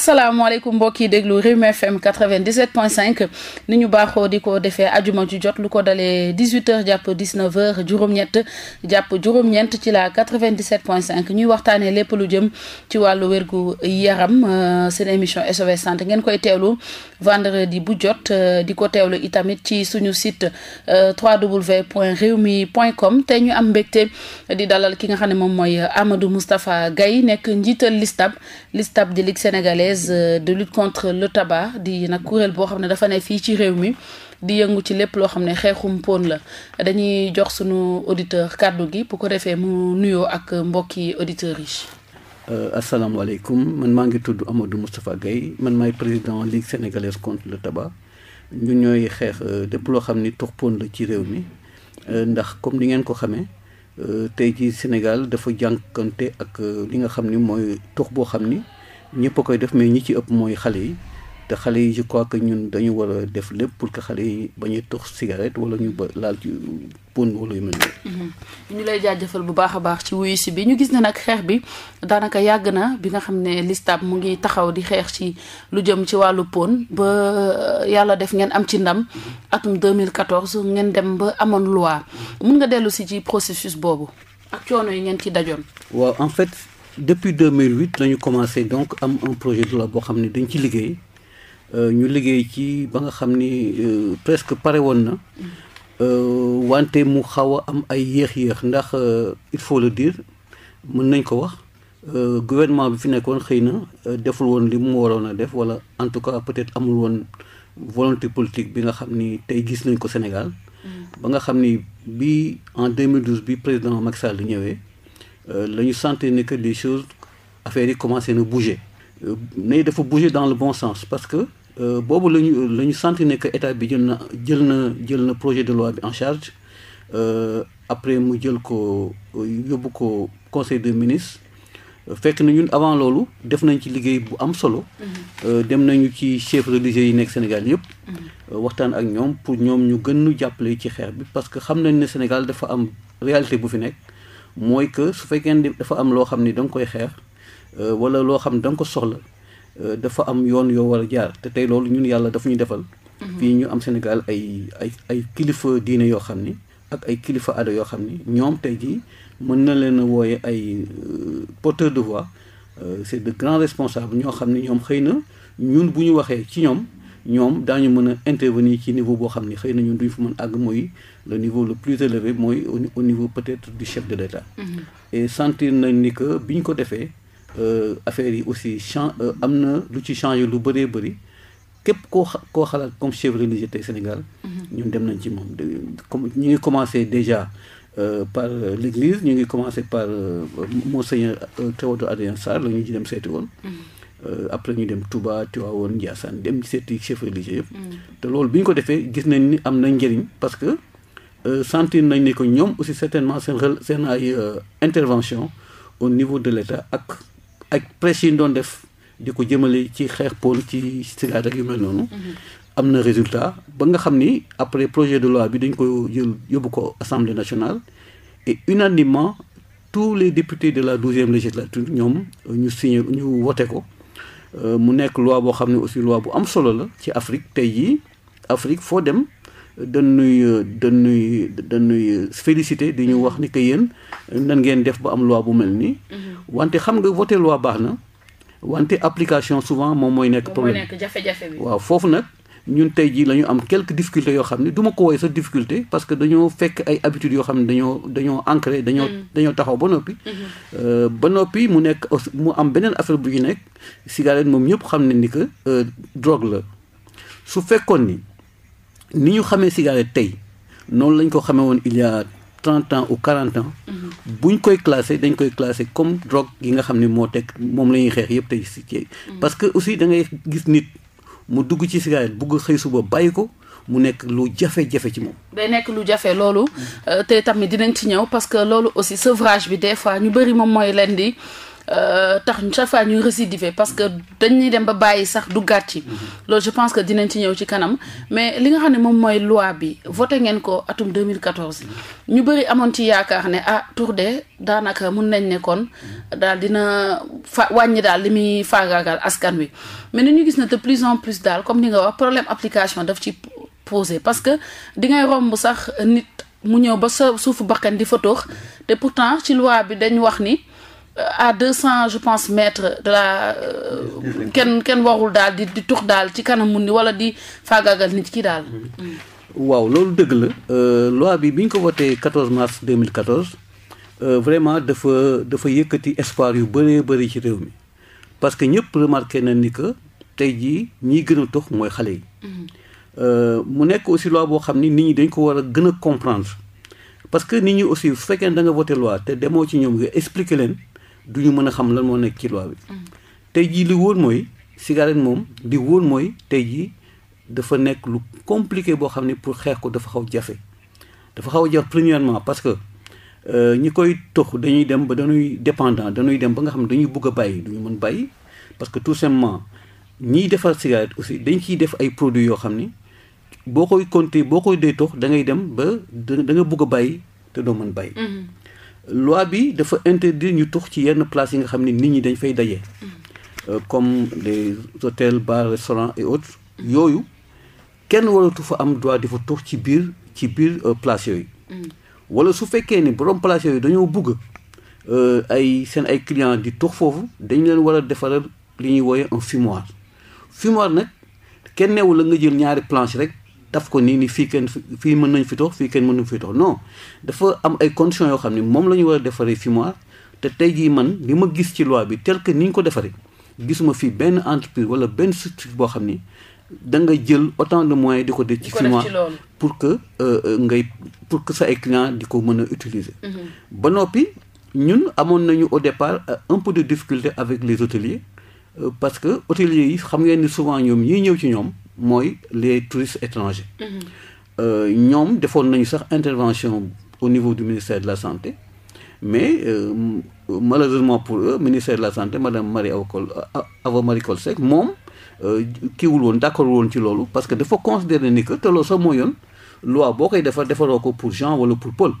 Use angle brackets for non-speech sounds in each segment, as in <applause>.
asalaamaaleykum mbokk yi déglu Rewmi FM 97.5 ni ñu baaxoo di ko defee ajuma ju jot lu ko dalee 18h jàpp 19h juróom-ñett jàpp juróom-ñeent ci la 97.5 ñuy waxtaanee lépp lu jëm ci wàllu wérgu yaram euh, seen émission SOS santé ngeen koy teewlu vendredi bu jot euh, di ko teewlu itamit ci suñu site euh, www.rewmi.com te ñu am mbégte di dalal ki nga xam ne moom mooy euh, Amadou Moustapha Gaye nekk njiital listab listab di Ligue sénégalaise sénégalaise euh, de lutte contre le tabac di nag kuréel boo xam ne dafa ne fii ci réew mi di yëngu ci lépp loo xam ne xeexum pon la dañuy jox sunu auditeur kàddu gi bu ko defee mu nuyoo ak mbokki auditeurs yi. Euh, asalaamaaleykum man maa ngi tudd Amadou Moustapha Guèye man maay président ligue sénégalaise contre le tabac ñun ñooy xeex euh, lépp loo xam ni tux pon la ci réew mi ndax comme li ngeen ko xamee. tey jii Sénégal dafa jànkante ak li nga xam ni mooy tux boo xam ni ñëpp a koy def mais ñu ci ëpp mooy xale yi te xale yi je crois que ñun dañu war a def lépp pour que xale yi ba ñuy tux cigarette wala ñu ba laal ci pon wala yu mel noonu. Mm-hmm. ñu lay jaajëfal bu baax a baax ci wuyu si bi ñu gis ne nag xeex bi daanaka yàgg na bi nga xam ne listaab mu ngi taxaw di xeex ci lu jëm ci wàllu pon ba euh, yàlla def ngeen am ci ndam atum 2014 ngeen dem ba amoon loi mun nga dellu si ci processus boobu ak coono yi ngeen ci dajoon. waaw depuis 2008 la ñu commencé donc am un projet de loi boo xam ne dañ ci liggéey euh, ñu liggéey ci ba nga xam ni euh, presque pare woon na euh, wante mu xaw a am ay yéex-yéex ndax il faut le dire mën nañ ko wax gouvernement bi fi nekkoon xëy na deful woon li mu waroon a def wala en tout cas peut-être amul woon volonté politique bi nga xam ni tey gis nañ ko Sénégal mm. ba nga xam ni bi en 2012 bi président Macky ñëwee Euh, la ñu sentir ni que les choses affaires yi commencé na bouger mais euh, dafa bouger dans le bon sens parce que euh, boobu la ñu la ñu sentir ne que état bi jël na jël na jël na projet de loi bi en charge après mu jël ko yóbbu ko conseil de ministre fekk nañu avant loolu def nañ ci liggéey bu am solo. Mm-hmm. dem nañu ci chef religieux yi nekk Sénégal yëpp. Mm-hmm. waxtaan ak ñoom pour ñoom ñu gën ñu jàppale ci xeex bi parce que xam nañ ne Sénégal dafa am réalité bu fi nekk. mooy que su fekkee dafa am loo xam ni da nga koy xeex euh, wala loo xam da danga ko soxla euh, dafa am yoon yoo war a jaar te tey loolu ñun yàlla dafa ñu defal. Mhm. fii ñu am Sénégal ay ay ay kilifa diine yoo xam ni ak ay kilifa aada yoo xam ni ñoom tey jii mën na leen wooye ay euh, porteur de voix c'est de grands responsables ñoo xam ni ñoom xëy na ñun bu ñu waxee ci ñoom ñoom daañu mën a intervenir ci niveau boo xam ni xëy na ñun duñu fa mën àgg mooy le niveau le plus élevé mooy au niveau peut-être du chef de l'État mhm. et sentir nañ ni que bi ñu ko defee euh, affaire yi aussi chan euh, am na lu ci changé lu bëree bëri képp koo koo xalaat comme chef religieux te Sénégal mhm. ñun dem nañ ci moom comme ñu ngi commencé déjà Euh, par euh, l'église ñu ngi commencé par euh, monseigneur Théodore Adrien Sarr la ñu ci dem seeti woon mhm. après ñu dem tuba Tivaouane Ndiassane dem seeti chef religieux yëpp te loolu bi ñu ko defee gis nañ ni am na nja parce Euh, sentir nañ ni ko ñoom aussi certainement seen seen ay euh, intervention au niveau de l'État ak ak prêche yi ñu doon def di ko jëmale ci xeex pool ci cigarette ak yu mel noonu mm-hmm. am na résultat ba nga xam ni après projet de loi bi dañ ko jël yóbbu ko assemblée nationale et unanimement tous les députés de la douzième législature ñoom ñu signé ñu wote ko euh, mu nekk loi boo xam ne aussi loi bu am solo la ci Afrique tey jii Afrique foo dem dañuy dañuy dañuy félicité di ñu wax ni que yéen nan ngeen def ba am loi bu mel nii. Mhm. wante xam nga voté loi baax na wante application souvent moom mooy nekk problème jafe-jafe bi waaw foofu nag. ñun tey jii la ñu am quelques difficultés yoo xam ne duma ko woy sa difficulté parce que dañoo fekk ay habitudes yoo xam ne dañoo dañoo ancré dañoo mhm. dañoo taxaw ba noppi mhm. euh, ba noppi mu nekk mu am beneen affaire bu ñu nekk cigarette moom ñëpp xam ne ni que euh, drogue la su fekkoon ni ni ñu xamee cigarette tey noonu lañ ko xamee woon il y a trente ans ou quarante ans. Mhm. buñ koy classé dañ koy classé comme drogue yi nga xam ne moo teg moom la ñuy xeex yëpp tey si ci mhm. parce que aussi da ngay gis nit mu dugg ci cigarette bugg xëy suba bàyyi ko. mu nekk lu jafe-jafe ci moom. day nekk lu jafe loolu. Mhm. Euh, te tamit dinañ ci ñëw parce que loolu aussi sevrage bi des fois ñu bëri moom mooy leen di. Euh, tax chaque fois ñuy récidiver parce que dañuy dem ba bàyyi sax duggaat ci loolu je pense que dinañ ci ñëw ci kanam mais li nga xam ne moom mooy loi bi voté ngeen ko atum 2014 ñu bëri amoon ci yaakaar ne ah tour de daanaka mun nañ nekkoon daal dina fa wàññi daal li muy faagaagal askan wi mais ni ñu gis na de plus en plus daal comme ni nga wax problème application daf ci posé parce que di ngay romb sax nit mu ñëw ba sa suufu bakkan di fa toox te pourtant ci loi bi dañ wax ni à deux cent je pense mètres de euh, kenn kenn waxul daal di di tux daal ci kanam mun ni wala di faagaagal nit ki daal mhm. mm. waaw loolu dëgg la euh, loi bi bi ñu ko voté 14 mars 2014 euh, vraiment dafa dafa yëkkati espoir yu bëree bëri ci réew mi parce que ñëpp remarqué na ni que tey jii ñiy gën a tux mooy xale yi mm. mu nekk aussi loi boo xam ni nit ñi dañ ko war a gën a comprendre parce que nit ñi aussi bu fekkee da nga voté loi te demoo ci ñoom nga expliqué leen du ñu mën a xam lan moo nekk ci bi. Mm. tey jii li woon mooy cigarette moom di woon mooy tey jii dafa nekk lu compliqué boo xam ne pour xeex ko dafa xaw jafe. dafa xaw a jafe premièrement parce que euh, ñi koy tox dañuy dem ba dañuy dépendant dañuy dem ba nga xam ne dañuy bugg a bàyyi duñu ñu mën bàyyi parce que tout simplement ñiy defar cigarette aussi dañ ciy def ay produits yoo xam ni boo koy compter boo koy dee tox da ngay dem ba da nga bugg a bàyyi te doo mën bàyyi. Mm-hmm. loi bi dafa interdire ñu tux ci yenn place yi nga xam ne nit ñi dañ fay daje. Euh, comme les hôtels bars restaurants et yooyu kenn waratu fa am droit di fa tux ci biir ci biir euh, place yooyu. Mm. wala su fekkee ni borom place yooyu dañoo bugg euh, ay seen ay clients di tux foofu dañ leen war a defaral li ñuy wooye un fumoir fumoir nag kenn neewul la nga jël ñaari planche rek. taf ko nii ni fii kenn fii mën nañ fi tox fii kenn mën nañ fi tox no dafa am ay conditions yoo xam ni moom la war a defaree fumoir te tey jii man li ma gis ci loi bi tel que ni ñu ko defaree gisuma fii benn entreprise wala benn structure boo xam ni da nga jël autant de moyens di ko def ci fumoir pour que euh, ngay pour que sa ay di ko mën a utiliser mhm. ba noppi ñun amoon nañu au départ euh, un peu de difficulté avec les hôteliers euh, parce que hôteliers yi xam ngeen ni souvent ñoom ñiy ci ñoom mooy les touristes étrangers. Mhm. Euh, ñoom defoon nañu sax intervention au niveau du ministère de la santé mais euh, malheureusement pour eux ministère de la santé madame Marie Awa Coll euh, Awa Marie Coll Seck moom euh, kiiwul woon d'accord woon ci loolu parce que dafa considérer ni que te loolu sax moo loi boo koy defar defaroo ko pour Jean wala pour Paul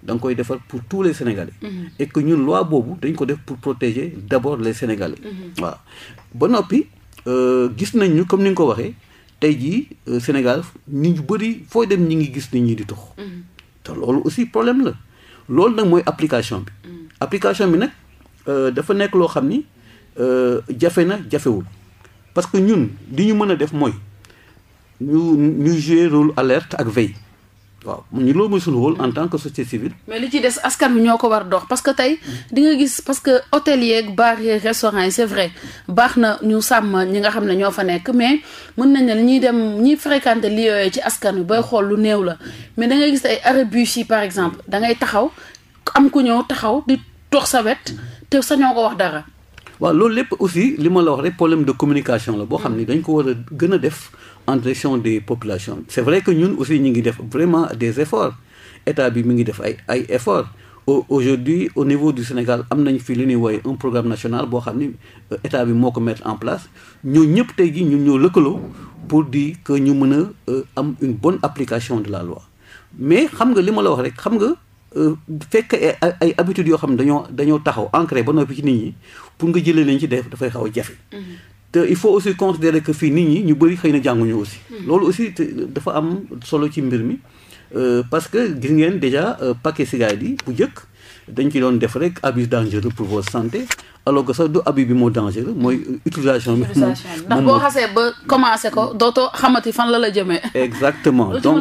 da koy defar pour tous les sénégalais. Mm -hmm. et que ñun loi boobu dañ ko def pour protéger d'abord les sénégalais. waaw mhm. ba noppi gis nañ ñu comme ni ko waxee. tey jii euh, Sénégal ni ñu bëri foo dem ñu ngi gis nit ñi di tux mm-hmm. te loolu aussi problème la loolu nag mooy application bi mm. application bi nag euh, dafa nekk loo xam ni euh, jafe na jafewul parce que ñun li ñu mën a def mooy ñu ñu jouer alerte ak veille waaw mu ñu loolu mooy suñu rôle en tant que société civile. mais li ci des askan bi ñoo ko war dox parce que tey di nga gis parce que hôtel yeeg bar yeeg restaurant yi c'est vrai baax na ñu sàmm ñi nga xam ne ñoo fa nekk mais mën nañ ne ñuy dem ñiy fréquenter li yooyu ci askan wi bay xool lu néew la mais da ngay gis ay arrêt bus yi par exemple da ngay taxaw am ku ñëw taxaw di toog sa wet te sañoo ko wax dara. waaw loolu lépp aussi li ma la wax rek problème de communication la boo xam ni dañ ko war a gën a def. en direction des populations c' est vrai que ñun aussi ñu ngi def vraiment des efforts état bi mi ngi def ay ay efforts aujourd'hui au niveau du Sénégal am nañ fi li ñuy wooye un programme national boo xam ni euh, état bi moo ko mettre en place ñoo ñëpp tey jii ñun ñoo lëkkaloo pour di que ñu mën a euh, am une bonne application de la loi mais xam nga li ma la wax rek xam nga euh, fekk ay habitudes yoo xam ne dañoo dañoo taxaw ancré ba noppi ci nit ñi pour nga jëlee leen ci def dafay xaw a jafe mm-hmm. te il faut aussi considérer que fii nit ñi ñu bëri xëy na jànguñu aussi. Hmm. loolu aussi dafa am solo ci mbir mi euh, parce que gis ngeen déjà euh, paquet cigarette yi bu njëkk dañ ci doon def rek abus dangereux pour votre santé alors que sax du abus bi moo dangereux mooy utilisation. bi <laughs> ndax boo xasee ba commencé ko dootoo xamati fan la la jëmee. <laughs> exactement donc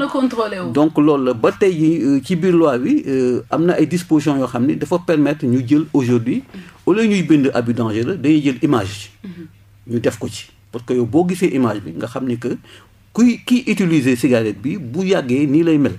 donc loolu la ba tey jii euh, ci biir loi bi am na ay dispositions yoo xam ni dafa permettre ñu jël aujourd'hui hmm. au lieu ñuy bind abus dangereux dañuy jël image. Hmm. ñu def ko ci parce que yow boo gisee image bi nga xam ni que kuy kiy cigarette bi bu yàggee nii lay mel.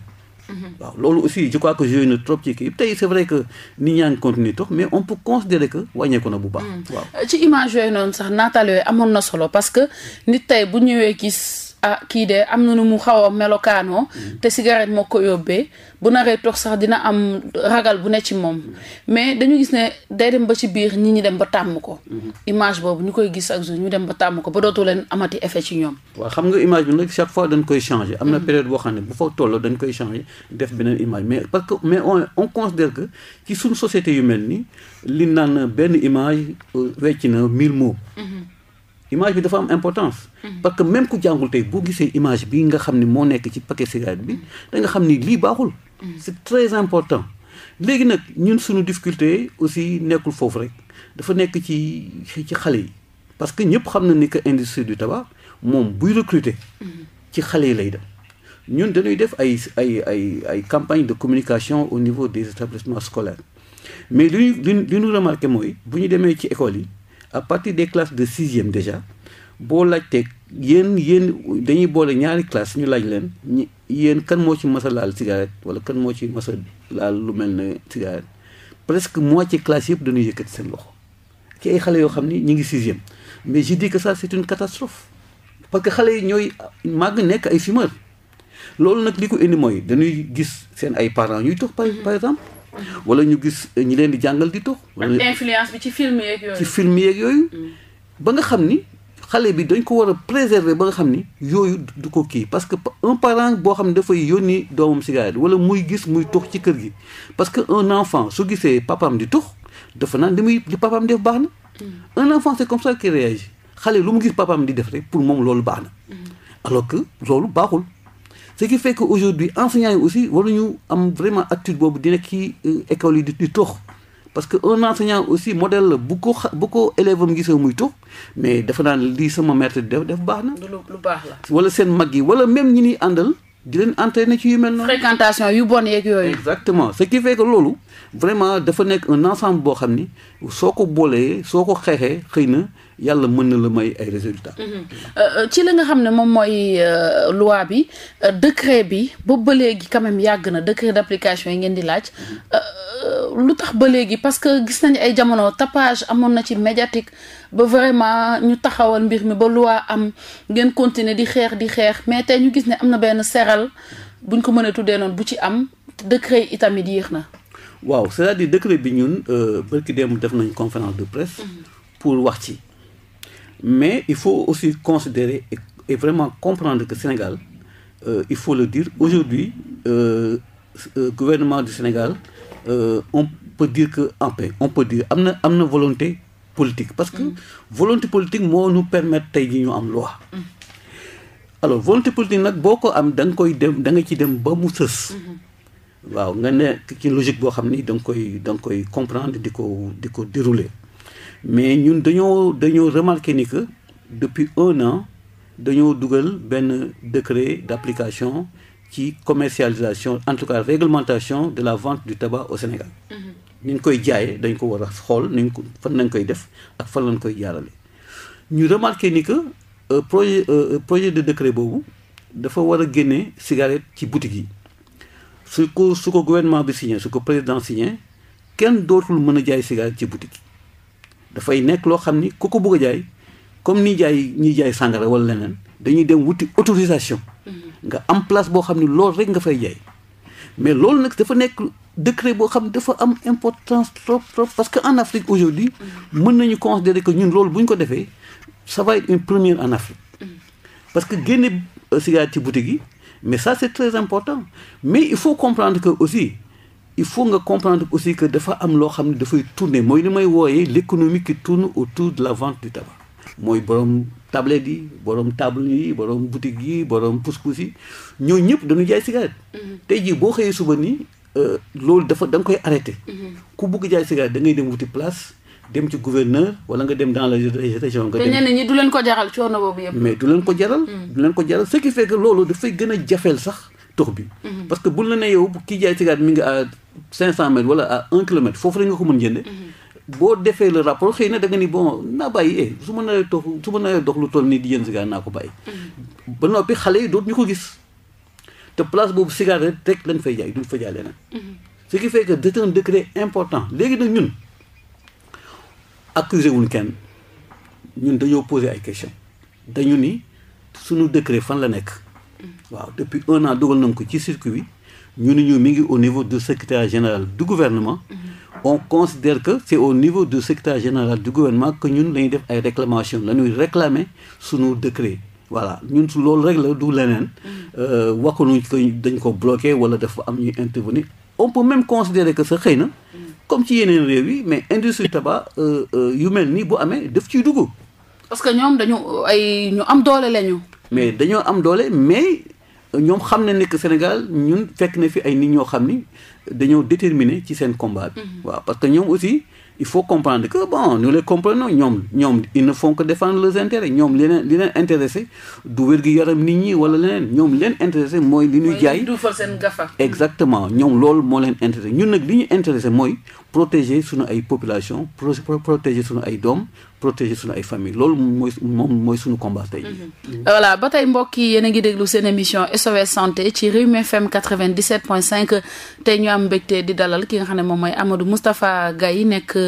Mm-hmm. waaw loolu aussi je crois que na trop ci kii tey c' est vrai que nit ñaa continuer tox mais on peut considérer que wàññeeku na bu baax. Mm. waaw euh, ci image yooyu noonu sax naataal yooyu amoon na solo parce que nit tey bu ñëwee gis. ah kii de am na nu mu xaw a melokaanoo mm. te cigarette moo ko yóbbee bu naree toog sax dina am ragal bu ne ci moom mm. mais dañu gis ne day dem ba ci biir ñi ñi dem ba tàmm ko mm-hmm. image boobu ñu koy gis ak jour ñu dem ba tàmm ko ba dootu leen amati effet ci ñoom waaw xam nga image bi nag chaque fois dañ koy changer am na mm-hmm. période boo xam ne bu fa tolloo dañ koy changer def beneen image mais parce que mais on on considère que ci suñu société yu mel nii li naan benn image euh, wecc na mille mots mm-hmm. image bi dafa am importance. Mhm. parce que même ku jàngul tey boo gisee image bi nga xam ne moo nekk ci paquet cigarette bi mhm. da nga xam ni lii baaxul. Mhm. c'est très important. léegi nag ñun suñu difficulté aussi nekkul foofu rek dafa nekk ci ci xale yi parce que ñëpp xam na ni que industrie du tabac moom buy recruter. ci xale yi lay dem. ñun dañuy def ay ay ay ay campagne de communication au niveau des établissements scolaires mais lu ñu li ñu remarqué mooy bu ñu demee ci école yi. à partir des classes de sixième déjà boo laajtee yéen yéen dañuy boole ñaari classe ñu laaj leen ñi yéen kan moo ci mas a laal cigarette wala kan moo ci mas a laal lu mel ne cigarette presque moitié classe yëpp dañuy yëkkati seen loxo ki ay xale yoo xam ni ñu ngi sixième mais je dis que ça c'est une catastrophe parce que xale yi ñooy màgg nekk ay fumeur loolu nag li ko indi mooy dañuy gis seen ay parents ñuy tox par par exemple wala ñu gis ñi leen di jàngal di tux. wala influence bi ci film yeeg yooyu. Mm. ba nga xam ni xale bi dañ ko war a préserver ba nga xam ni yooyu du ko kii parce que un parent boo xam ne dafay yónni doomam cigarette wala muy gis muy tux ci kër gi. parce que un enfant su gisee papam di tux dafa naan li muy li papam def baax na. Mm. un enfant c'est comme ça qu'il xale lu mu gis papaam di def rek pour moom loolu baax na. Mm. alors que loolu baaxul. ce qui fait que aujourd'hui enseignants yi aussi ñu am vraiment attitude boobu di nekk ci euh, école yi di di tux parce que un enseignant aussi modèle la bu ko xa bu ko mu ngi gisee muy tux mais dafa naan lii sama maître def def baax na. lu baax la. wala seen mag yi wala même ñi ni àndal di leen entraîner ci yu mel noonu. fréquentation yu bon yeeg yooyu. exactement ce qui fait que loolu. vraiment dafa nekk un ensemble boo xam ni soo ko boolee soo ko xeexee xëy na yàlla mën na la may ay résultats. Mhm. Euh, euh, ci la nga xam ne moom mooy euh, loi bi décret bi boobu ba léegi quand même yàgg na décret d'application yi ngeen di laaj lu tax ba léegi parce que gis nañu ay jamono tappage amoon na ci médiatique ba vraiment ñu taxawal mbir mi ba loi am ngeen continuer di xeex di xeex mais te ñu gis ne am na benn seral buñ ko mënee tuddee noonu bu ci am décret itamit yéex na. waaw c'est-à-dire décret bi ñun euh, bërki démb def nañ conférence de presse mhm. pour wax ci mais il faut aussi considérer et, vraiment comprendre que Sénégal euh, il faut le dire aujourd'hui euh, euh, gouvernement du Sénégal euh, on peut dire que on peut am na am na volonté politique parce que mhm. volonté politique moo nu permettre tey ji ñu am loi mhm. alors volonté politique nag boo ko am da nga koy dem da nga ci dem ba mu sës waaw nga nekk ci logique boo xam ni danga koy da koy comprendre di ko di ko dérouler mais ñun dañoo dañoo remarqué ni que depuis un an dañoo dugal benn décret d'application ci commercialisation en tout cas réglementation de la vente du tabac au Sénégal. Mm-hmm. ni ñu koy jaayee dañ ko war a xool ni ñu ko fan nañ koy def ak fan lañ koy jaarale. ñu remarqué ni que euh, projet euh, projet de décret boobu dafa war a génne cigarette ci boutique yi. su ko su ko gouvernement bi signé su ko président signé kenn dootul mën a jaay cigarette ci boutique dafay nekk loo xam ni ku ko bëgg a jaay comme ni jaay ñiy jaay sàngara wala leneen dañuy dem wuti autorisation mm-hmm. nga am place boo xam ni loolu rek nga fay jaay mais loolu nag dafa nekk décret boo xam dafa am importance trop trop parce que en Afrique aujourd'hui mm-hmm. mën nañu considérer que ñun loolu bu ñu ko defee ça va être une première en Afrique mm-hmm. parce que génne euh, cigarette ci boutique yi mais ça c'est très important mais il faut comprendre que aussi il faut nga comprendre aussi que dafa am loo xam ne dafay tourner mooy li may wooyee l'économie qui tourne autour de la vente du tabac mooy borom tablette yi borom table yi borom boutique yi borom pousse-pousse yi ñoo ñëpp dañu jaay cigarette mm-hmm. tey jii boo xëyee suba nii euh, loolu dafa da koy arrêter mm-hmm. ku bëgg jaay cigarette da ngay dem wuti place dem ci gouverneur wala nga dem dans la région nga dem ñenn ñi du leen ko jaral coono boobu yëpp mais du leen ko jaral hmm. du leen ko jaral ce qui fait que loolu dafay gën a jafeel sax tox bi hmm. parce que buñ la ne yow kii jaay cigarette mi ngi à cinq cent mètres wala à un kilomètre foofu la nga ko mën jënde hmm. boo defee le rapport xëy na da nga ni naa bàyyi eh su ma nawee dox lu toll nii di jënd cigarette naa ko bàyyi ba noppi xale yi dootu accusé wuñ kenn ñun dañoo poser ay questions dañu ni suñu décret fan la nekk. waaw depuis un an dugal nañ ko ci circuit bi ñun ni ñu mu ngi au niveau du secrétaire général du gouvernement. Mhm. on considère que c' est au niveau du secrétaire général du gouvernement que ñun lañuy def ay réclamations la ñuy réclamer suñu décret. voilà ñun su loolu rek la du leneen. Mhm. Euh, waxuñu ko dañ ko bloqué wala dafa am ñuy intervenir on peut même considérer que sa xëy na. comme ci yeneen réew yi mais industrie tabac euh, euh, yu mel nii bu amee def ciy dugg. parce que ñoom dañu ay ñu am doole lañu. mais dañoo am doole mais ñoom xam na ne que Sénégal ñun fekk na fi ay nit ñoo xam ni dañoo déterminé ci seen combat bi. Mhm. waaw parce que ñoom aussi. il faut comprendre que bon nous les comprenons ñoom ñoom ils ne font que défendre ñoom li leen li leen intéressé du wér yaram nit ñi wala leneen ñoom leen intéressé mooy li ñuy jaay exactement ñoom lool moo leen intéressé ñun nag li ñu intéressé mooy protégé suñu ay population protéger suñu ay doom protéger suñu ay famille loolu mooy moom mooy suñu combat tey mhm. euh, voilà ba tey mbokk yi yéen a ngi déglu seen émission SOS santé ci Rewmi FM 97.5 tey ñu am mbégte di dalal ki nga xam ne moom mooy Amadou Moustapha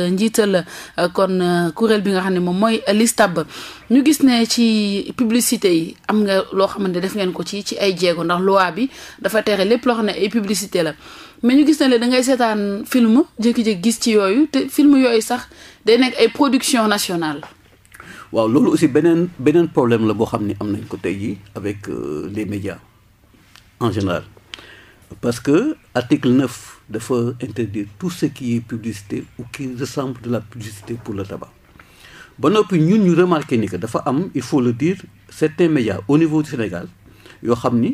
njiital euh, kon euh, kuréel bi nga xam ne moom mooy listab ñu gis ne ci publicité yi am nga loo xamante ne def ngeen ko ci ci ay jéego ndax loi bi dafa tere lépp loo xam ne ay publicité la mais ñu gis ne leen da ngay seetaan film jékki-jékki gis ci yooyu te film yooyu sax day nekk ay production nationale waaw loolu aussi beneen beneen problème la boo xam ne am nañ ko tey jii avec euh, les médias en général parce que article neuf dafa interdire tout ce qui est publicité ou qui ressemble de la publicité pour le tabac ba noppi ñun ñu remarqué ni que dafa am il faut le dire certains médias au niveau du Sénégal yoo xam ni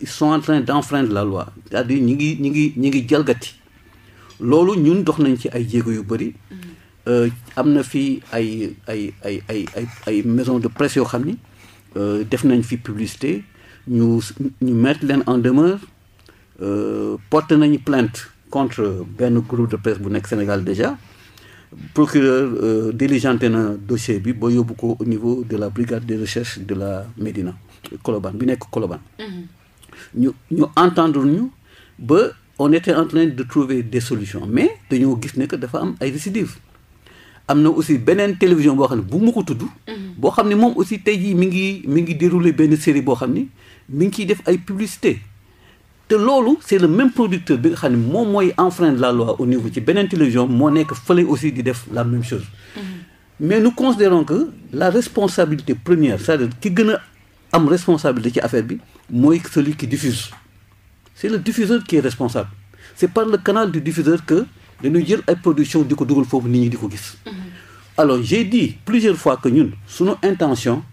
ils sont en train la loi c'est-à-dire ñi ngi ñu ngi ñu ngi jalgati loolu ñun dox nañ ci ay jéego yu bëri euh, am na fi ay ay ay ay ay ay maison de presse yoo xam ni euh, def nañ fi publicité ñu ñu mettre leen en demeure Euh, porte nañu plant contre benn groupe de presse bu nekk Sénégal déjà procureur euh, diligenté na dossier bi ba yóbbu ko au niveau de la brigade de recherche de la Médina Colobane bi nekk Colobane mm-hmm. ñu ñu entendre ñu ba on en train de trouver des mais dañoo gis ne que dafa am ay récidives am na aussi beneen télévision boo xam ne bu mu ko tudd. Mm-hmm. boo xam ne moom aussi tey jii mi ngi mi ngi dérouler benn série boo xam ni mi ngi ciy def ay publicité te loolu c' est le même producteur bi nga xam ne moom mooy enfreindre la loi au niveau ci beneen télévision moo nekk fële aussi di def la même chose. Mm-hmm. mais nous considérons que la responsabilité première c'est-à-dire ki gën am responsabilité ci affaire bi mooy celui qui diffuse c' le diffuseur qui est responsable c' par le canal du diffuseur que dañuy jël ay production di ko dugal foofu nit ñi di ko gis. Mm-hmm. alors j'ai dit plusieurs fois que ñun suñu intention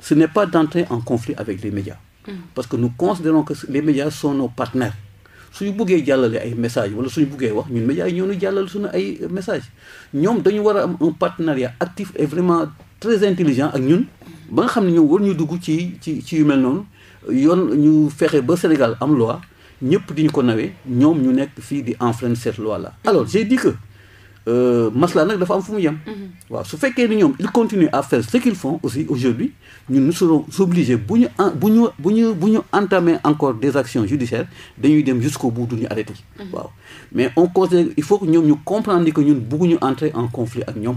ce n'est pas en conflit avec les parce que nous considérons que les médias sont nos partenaires suñu buggee jàllalee ay message wala suñu buggee wax ñun médias yi ñoo ñu jàllal suñu ay message ñoom dañu war a am un partenariat actif et vraiment très intelligent ak ñun ba nga xam ne ñoom war ñu dugg ci ci ci yu mel noonu yoon ñu fexe ba Sénégal am loi ñëpp di ñu ko nawee ñoom ñu nekk fii di enfreindre cette loi là alors j'ai Euh, masla nag dafa am fu mu yem. Mhm. waaw su fekkee ni ñoom ils continuent à faire ce qu'ils font aussi aujourd'hui ñun nous serons obligés bu bu ñu bu ñu bu ñu entamer encore des actions judiciaires dañuy dem jusqu'au bout du ñu arrêté. Mhm. waaw mais on considère il faut que ñoom ñu comprendre ni que ñun bëgguñu entrer en conflit ak ñoom.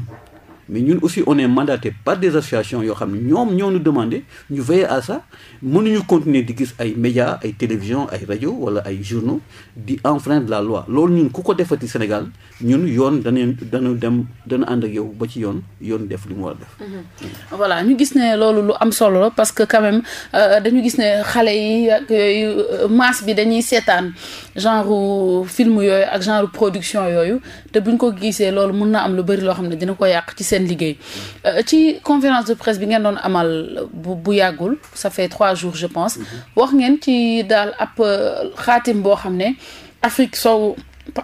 mais ñun aussi on est mandaté par des associations yoo xam ne ñoom ñoo ñu demandé ñu veiller à ça mënuñu continuer di gis ay médias ay télévision ay rajo wala ay journaux di de la loi loolu ñun ku ko defati Sénégal ñun yoon danañ dana dem dana ànd ak yow ba ci yoon yoon def lu mu war a def. Mhm. voilà ñu gis ne loolu lu am solo parce que quand euh, dañu gis ne xale yi ak yooyu euh, masse bi dañuy seetaan genre film yooyu ak genre production yooyu te ñu ko gisee loolu mun na am lu bari loo xam ne dina ko yàq seen liggéey euh, ci conférence de presse bi ngeen doon amal bu bu yàggul ça fait trois jours je pense mhm. wax ngeen ci daal ab euh, xaatim boo xam ne Afrique soow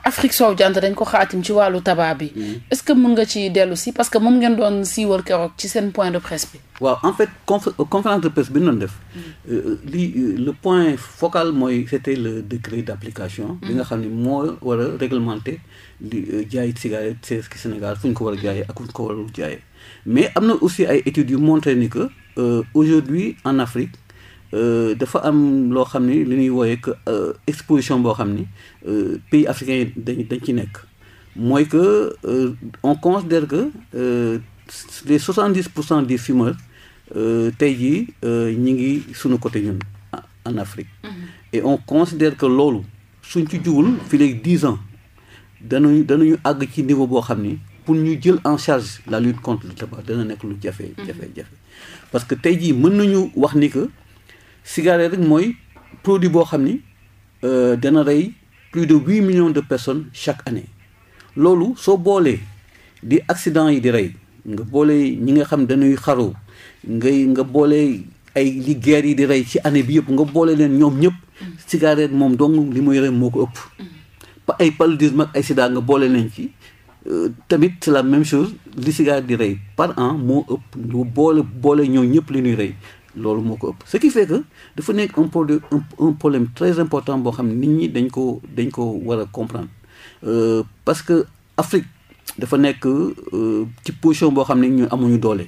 Afrique soow jant dañ ko xaatim ci wàllu tabac bi. Mm. est-ce que mën nga ci dellu si parce que moom ngeen doon siiwal keroog ci seen point de presse bi. waaw en fait conf euh, conférence de presse bi noonu def. Mm. Euh, euh, li le point focal mooy c'était le décret d'application. li nga mm. xam ne moo war a réglementer di jaay cigarette ci Sénégal fu ñu ko war a jaayee ak fu ñu ko warul jaayee mais am na aussi ay études yu montré ni que aujourd'hui en Afrique. Euh, dafa am loo xam ni li ñuy wooyee que euh, exposition boo xam ni euh, pays africain yi dañ dañ ci nekk mooy que on considère que les soixante dix pour cent des fumeurs tey jii ñi ngi suñu côté ñun en Afrique mm-hmm. et on considère que loolu suñ ci jugul fi léegi dix ans danañu ñu àgg ci niveau boo xam ni pour ñu jël en charge la lutte contre da tabac dana nekk lu jafe jafe mm-hmm. jafe parce que tey jii mën nañu wax ni que cigarette rek mooy produit boo xam ni euh, dana rey plus de huit millions de personne chaque année loolu soo boolee di accident yi di rey nga boolee ñi nga xam dañuy xaru ngay nga boolee ay li guerre yi di rey ci année bi yëpp nga boole leen ñoom ñëpp cigarette moom dong li muy rey moo ko ëpp ay paludisme ak ay sida nga boolee leen ci euh, tamit c'est la même chose li cigarette di rey par an moo ëpp lu boole boole ñoo ñëpp li ñuy rey loolu moo ko ëpp ce qui fait que dafa nekk un problème un très important boo xam ne nit ñi dañ ko dañ ko war a comprendre euh, parce que Afrique dafa nekk euh, ci position boo xam ne ñu amuñu doole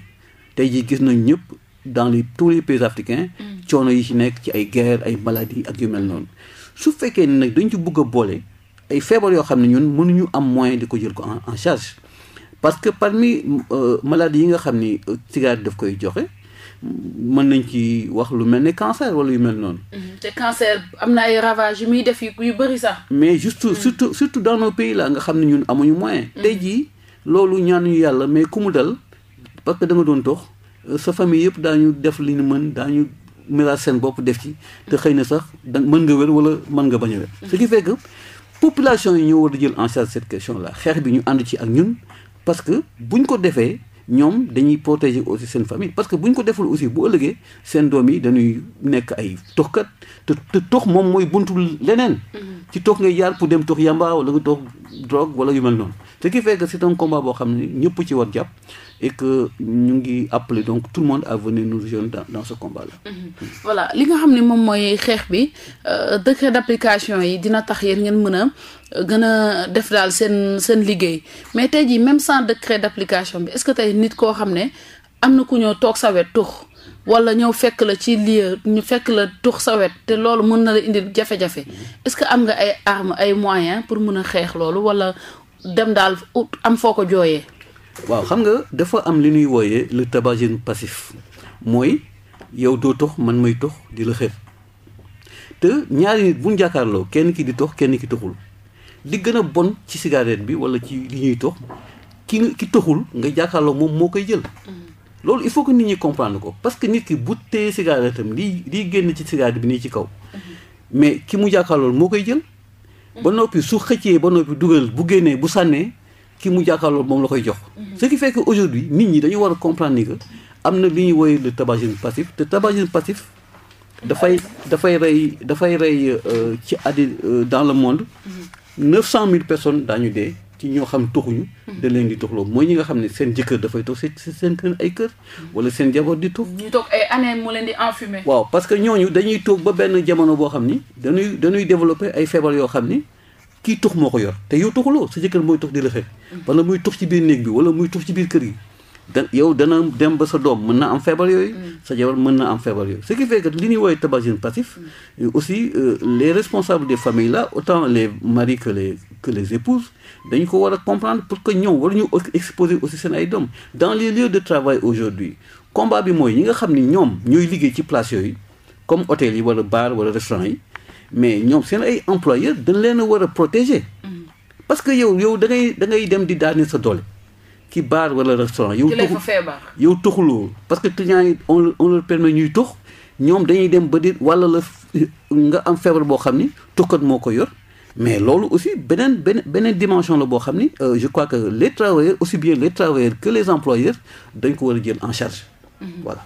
tey jii gis nañ ñëpp dans les tous les pays africains mm. coono yi ci nekk ci ay guerre ay maladies ak yu mel noonu su fekkee ne nag dañ ci bëgg a boole ay feebar yoo xam ne ñun mënuñu am moyen di ko jël ko en charge parce que parmi euh, maladies yi nga xam ni cigarette daf koy joxe mën nañ ci wax lu mel ne cancer wala yu mel noonu. Mhm. te cancer am na ay ravages yu muy def yu bëri sax. mais juste mhm. surtout surtout dans nos pays nga xam ne ñun amuñu moyen. Mhm. tey ji loolu ñaan ñaanuñu yàlla mais ku mu dal parce que da doon tox sa famille yëpp daañu def li ñu mën daañu miraas seen bopp def ci. te xëy na sax da mën nga wér wala mën nga bañ a wér. ce qui fait que population yi ñëw war a jël en charge cette question là xeex bi ñu ànd ci ak ñun parce que buñ ko defee. ñoom dañuy protéger aussi seen famille parce que bu ñu ko deful aussi bu ëllëgee seen doom yi dañuy nekk ay toxkat te te tox moom mooy buntu leneen. Mm-hmm. ci tox ngay jaar pour dem tox yamba wala nga tox drogue wala yu noonu. ce qui fait que c'est un boo xam ne ñëpp ci war jàpp. et que ñu ngi appeler donc tout le monde à venir nous rejoindre dans dans ce combat là. Mhm. voilà li nga xam ne moom mooy xeex bi euh, décret d'application yi dina tax yéen ngeen mën a euh, gën a def daal seen seen liggéey mais tey jii même sans décret d'application bi est-ce que tey nit koo xam ne am na ku ñëw toog sa wet tux wala ñëw fekk la ci lieu ñu fekk la tux sa wet te loolu mën na la indi jafe-jafe mhm. est que am nga ay armes ay moyens pour mën a xeex loolu wala dem daal am foo ko jooyee. waaw xam nga dafa am li nuy wooyee le tabagisme passif mooy yow doo tox man may tox di la xeeb te ñaari nit bu ñu jàkkaarloo kenn ki di tox kenn ki toxul li gën a bon ci cigarette bi wala ci li ñuy tox ki ki toxul nga jàkkaarloo moom moo koy jël. Mm. loolu il faut que nit ñi comprendre ko parce que nit ki bu téye cigarette am lii lii génn ci cigarette bi nii ci kaw. Mm-hmm. mais ki mu jàkkaarloo moo koy jël. Mm. ba noppi su xëccee ba noppi dugal bu génnee bu sànnee. ki mu jàkkaarloo moom la koy jox. Mhm. ce qui fait que aujourd'hui nit ñi dañu war a comprendre ni que am na lu ñuy woowee le tabagisme passif te tabagisme passif dafay dafay rey dafay rey euh, ci addi euh, dans le monde mhm. neuf cent mille personnes daañu dee ci ñoo xam toxuñu. Mhm. da leen di toxloo mooy ñi nga xam ne seen jëkkër dafay tox seen kër ay kër. wala seen jabar di tox. ñu toog ay années mu leen di enfumer. waaw parce que ñooñu dañuy toog ba benn jamono boo xam ni dañuy dañuy développer ay feebar yoo xam ni. kii tux moo ko yor te yow tuxuloo sa jëkkër mooy tux di la xeex wala muy tux ci biir néeg bi wala muy tux ci biir kër gi da yow dana dem ba sa doom mën na am feebar yooyu mm. sa jabar mën na am feebar yooyu ce qui fait que li ñuy woowee tabagisme passif mm. aussi euh, les responsables des familles la autant les maris que les que les épouses dañu ko war a comprendre pour que ñëw wala ñu exposer aussi seen ay doom dans les lieux de travail aujourd'hui combat bi mooy ñi nga xam ni ñoom ñooy liggéey ci place yooyu comme hôtel yi wala bar wala restaurant yi mais ñoom seen ay employeur dañ leen a war a protéger mm-hmm. parce que yow yow da ngay da ngay dem di daane sa doole ci bar wala restaurant yow tux yow tuxuloo parce que clients yi on on leur permet ñuy tox ñoom dañuy dem ba di wala la <laughs> nga am feebar boo xam ni tuxkat moo ko yor mais loolu aussi beneen beneen beneen dimension la boo xam ni euh, je crois que les travailleurs aussi bien les travailleurs que les employeurs dañ ko war a jël en charge mm-hmm. voilà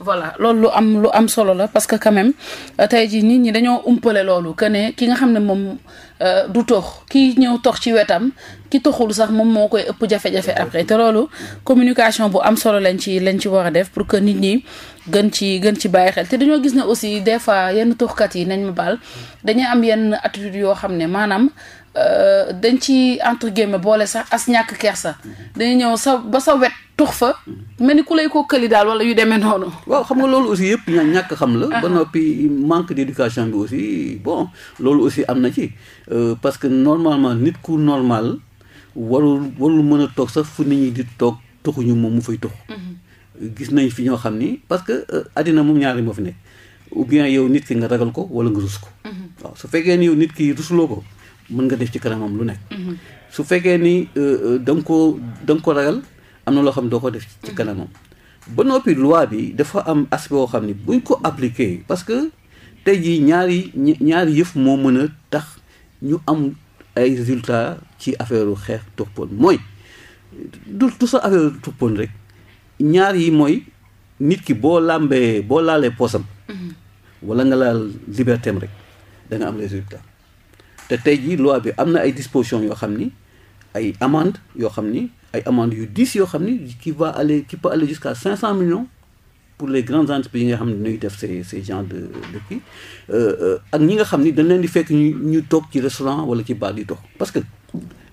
voilà loolu lu am lu am solo la parce que quand même euh, tey jii nit ñi dañoo umpale loolu que ne ki nga xam ne moom euh, du tox ki ñëw tox ci wetam ki toxul sax moom moo koy ëpp jafe-jafe après te loolu communication bu am solo lañ ci lañ ci war a def pour que nit ñi gën ci gën ci bàyyi xel te dañoo gis ne aussi des fois yenn toxkat yi nañ ma baal dañuy am yenn attitude yoo xam ne maanaam Euh, dañ ci entre guillemets boole sax as ñàkk kersa dañu ñëw sa ba sa wet tux fa mel ni ku lay ko këli daal wala yu demee noonu. waaw xam nga loolu aussi yëpp ña ñàkk xam la. ba ah. noppi manque d'éducation bi aussi bon loolu aussi am na ci euh, parce que normalement nit ku normal warul warul mën a toog sax fu nit ñi di toog tuxuñu moom mu fay tux. Mhm. gis nañ fi ñoo xam ni parce que euh, àddina moom ñaari moo fi nekk ou bien yow nit ki nga ragal ko wala nga rus ko. Mhm. waaw su fekkee yow nit ki ko. mën nga def ci kanamam lu nekk. Mhm. su fekkee ni euh, euh, da nga koo da ko ragal am na loo xam ne doo ko def ci mhm. kanamam. ba noppi loi bi dafa am aspect boo xam ni buñ ko appliqué parce que tey jii ñaari ñaari yëf moo mën a tax ñu am ay résultats ci affaire u xeex toppoon mooy du sa affaire toppoon rek ñaar yi mooy nit ki boo làmbee boo laalee poosam. Mhm. wala nga laal liberté am rek da nga am résultat. te tey jii loi bi am na ay dispositions yoo xam ni ay amende yoo xam ni ay amende yu diis yoo xam ni qui va aller qui peut aller jusqu'à cinq cent millions pour les grandes entreprises yi nga xam ne dañuy def ces ces genre de de euh, euh, ak ñi nga xam ni dañ leen di fekk ñu ñu toog ci restaurant wala ci bar di toog parce que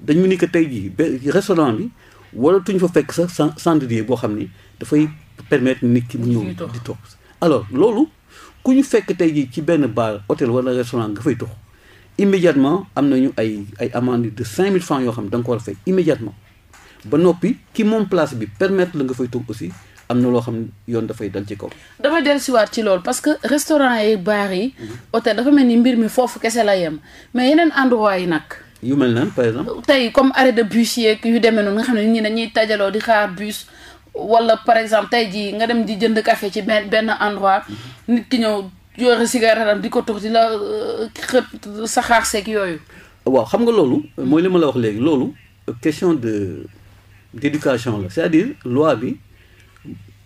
dañu ni que tey jii restaurant bi waratuñ fa fekk sax cendrier boo xam ni dafay permettre nit ki mu ñëw di toog alors loolu ku ñu fekk tey jii ci benn bar hôtel wala restaurant nga fay toog immédiatement am nañu ay ay amande de cinq mille francs yoo xam ne da nga ko war a fay immédiatement ba noppi ki moom place bi permettre la nga fay toog aussi am na loo xam ne yoon dafay dal ci kaw. dama dellusiwaat ci loolu parce que restaurant yi baar mhm. yi. hôtel dafa mel ni mbir mi foofu kese la yem mais yeneen endroit yi nag. yu mel nan par exemple. tey comme arrêt de bus yeeg yu demee noonu nga xam ne ñi ñuy tajaloo di xaar bus. wala par exemple tey jii nga dem di jënd café ci benn benn endroit mhm. nit ki ñëw. yore cigarette di ko tux di la euh, xët saxaar seek yooyu. waaw xam nga loolu. mooy li ma la wax léegi loolu question de d'éducation la c'est-à-dire loi bi.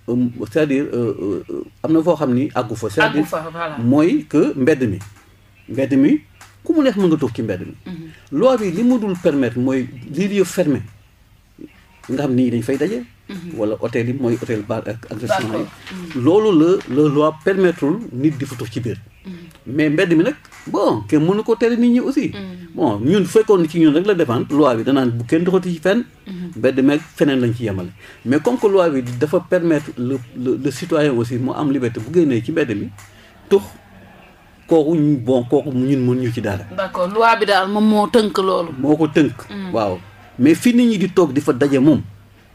Euh, c'est-à-dire euh, am na foo xam ni àggu fa. c'est-à-dire mooy que mbedd mi. mbedd mi ku mu neex mën nga toog ci mbedd mi. Mhm. loi bi li mu dul permettre mooy les lieux fermés nga xam ni dañ fay daje. Mm-hmm. wala hôtel yi mooy hôtel bar ak ak yi mm-hmm. loolu la la loi permettrul nit di fa tux ci biir mm-hmm. mais mbedd mi nag bon kenn mënu koo tele nit ñi aussi bon ñun fekkoon ci ñun rek la dépendre loi bi danaan bu kenn doxati ci fenn mbedd meeg feneen lañ ci yemale mais comme dafa permettre le le citoyen aussi mu am liberté bu génnee ci mbedd mi tux kooku bon kooku ñun mën ñu ci dara d'accord loi daal moom moo tënk loolu moo ko tënk mm. waaw mais fi nit ñi di toog di fa daje moom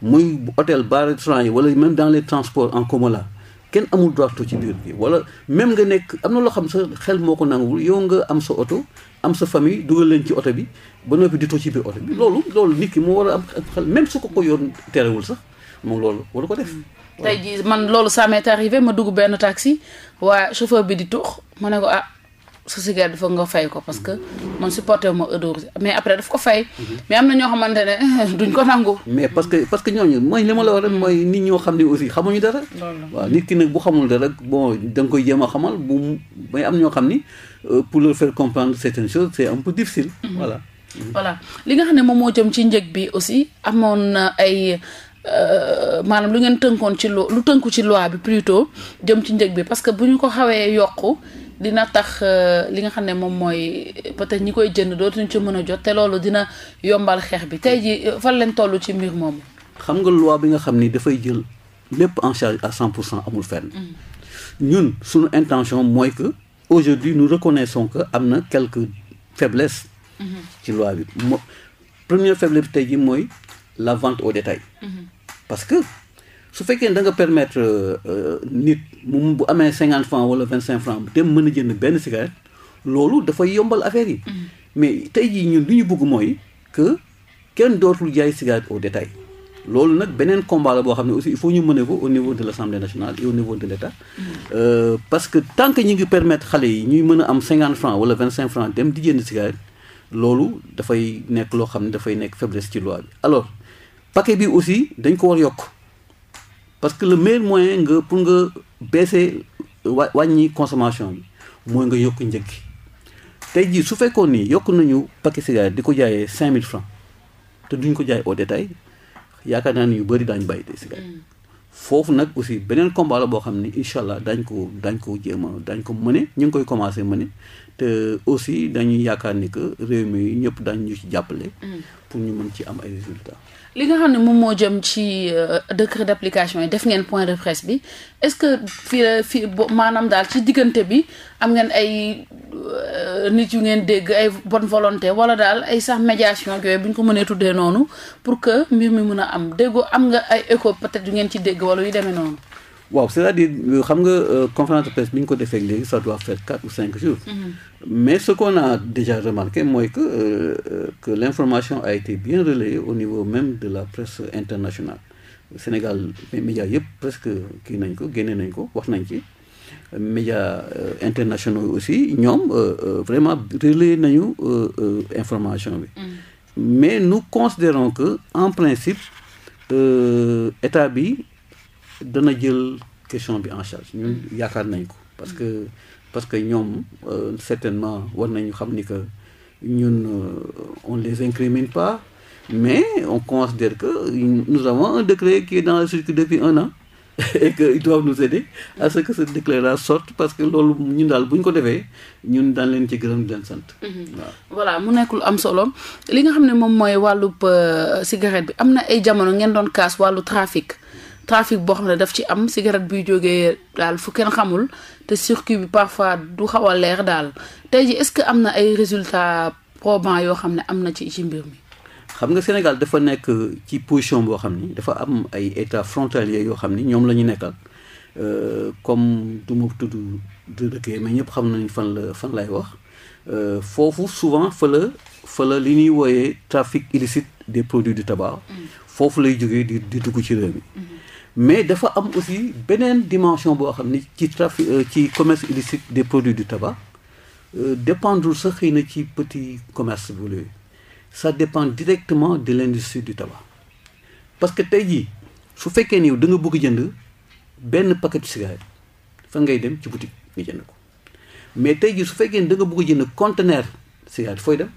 muy hôtel bar restaurant yi wala même dans les transports en commun la kenn amul droit toog ci biir bi wala même nga nekk am na loo xam sa xel moo ko nanguwul yow nga am sa oto am sa famille dugal leen ci oto bi ba noppi di toog ci biir bi loolu loolu nit ki moo war a am xel même su ko ko yoon terewul sax moom loolu war ko def. tey jii man loolu ça m'est arrivé ma dugg benn taxi waa chauffeur bi di tuux ma ne ko ah. sa cigarette dafa nga fay ko parce que man supporté wu ma mais après daf ko fay. mais am na ñoo xamante ne <laughs> duñ ko nangu. mais parce que parce que ñooñu mooy li ma la wax rek mooy nit ñoo xam ne aussi xamuñu dara. waaw nit ki nag bu xamul dara bon a xamal bu may ñoo xam ni euh, pour leur faire comprendre certaines choses c' un peu difficile. Mhm. voilà. voilà li nga xam ne moom moo jëm ci njëg bi aussi amoon na ay. Euh, maanaam lu ngeen tënkoon ci lo lu tënku ci loi bi plutôt jëm ci njëg bi parce que bu ñu ko xawee yokku dina tax euh, li nga xam ne moom mooy peut-être ñi koy jënd dootuñu ci mën a jot te loolu dina yombal xeex bi tey ji euh, fan leen toll ci mbir moom xam nga loi bi nga xam ni dafay jël lépp en charge à cent pour cent amul fenn. Mm. ñun suñu intention mooy que aujourd'hui nu reconnaissons que am na quelques faiblesses. Mm-hmm. ci loi bi mo première faiblesse tey ji mooy la vente au détail. Mm-hmm. parce su fekkee da nga permettre euh, euh, nit mu bu amee cinquante franc wala vingt cinq franc te mën a jënd benn cigarette loolu dafay yombal affaire yi. Mm. mais tey jii ñun li ñu bëgg mooy kenn dootul jaay cigarette au détail loolu nag beneen combat boo xam ne aussi il faut ñu mëne ko au niveau de l' assemblée nationale et au niveau de l' état. Mm. Euh, parce que tant ñu ngi permettre xale yi ñuy mën a am cinquante franc wala vingt cinq franc dem di jënd cigarette loolu dafay nekk loo xam ne dafay nekk faiblesse ci loi bi alors paquet bi aussi dañ ko war yokk. parce que le meilleur moyen nga pour nga baisser wa wàññi consommation bi mooy nga yokk njëg gi tey jii su fekkoon ni yokk nañu paquet cigarette di ko jaayee cinq mille francs te duñ ko jaay au yaakaar naa ni yu bëri daañu bàyyi tey cigarette mm. foofu nag aussi beneen combat boo xam ni incha allah daañ ko daañ ko jéem a daañ ko mëne ñu ngi koy commencé mëne te aussi dañuy yaakaar ni que réew mi ñëpp daañ ñu ci jàppale mm. pour ñu mën ci am ay résultats li nga xam ne moom moo jëm ci euh, décret d'application yi def ngeen point de presse bi est-ce que fii fii maanaam daal ci diggante bi am ngeen ay euh, nit yu ngeen dégg ay bonne volonté wala daal ay sax médiation yooyu bu ñu ko mënee tuddee noonu pour que mbir mi mun a am déggoo am nga ay éco peut-être yu ngeen ci dégg wala yu demee noonu. waaw c'est-à-dire euh, xam nga euh, conférence de presse bi ñu ko defee léegi ça doit faire quatre ou cinq jours. Mm-hmm. mais ce qu'on a déjà remarqué mooy que euh, que l'information a été bien relayée au niveau même de la presse internationale. Sénégal médias yëpp presque kii nañ ko génne nañ ko wax nañ ci médias internationaux aussi ñoom vraiment relayé nañu information bi. Mm-hmm. mais nous considérons que en principe état bi. dana jël question bi en charge ñun yaakaar nañ ko parce que parce que ñoom euh, certainement war nañu xam ni que ñun euh, on les incrimine pas mais on considère que nous avons un décret qui est dans le circuit depuis un an <laughs> et que ils doivent nous aider à parce que loolu ñun daal bu ko defee ñun daan leen ci gërëm di leen sant. Mhm. waaw voilà mu nekk lu am solo li nga xam ne moom mooy wàllub euh, cigarette bi am na ay jamono ngeen doon kaas wàllu trafic. trafic boo xam ne daf ci am cigarette buy jógee daal fu kenn xamul te circuit bi parfois du xaw a leer daal tey ji est-ce que am na ay résultats probants yoo xam ne am na ci ci mbir mi. xam nga Sénégal dafa nekk ci position boo xam ni dafa am ay état frontalier yoo xam ni ñoom la ñu nekkal euh, comme du ma tudd dëkk mais ñëpp xam nañu fan la fan lay wax euh, foofu souvent fa la li ñuy wooyee trafic illicite des produits du tabac. Mm. foofu lay jógee di di ci réew mi. Mm-hmm. mais dafa am aussi beneen dimension boo xam ni ci trafic euh, ci commerce illicite des produit du tabac euh, dépendre sa xëy na ci petit commerce bi sa dépend directement de l'industrie du tabac parce que tey jii su fekkee ni da nga bugg jënd benn paquet cigarette fan ngay dem ci boutique nga jënd ko mais tey ji su fekkee ni da nga bëgg jënd conteneur cigarette fooy dem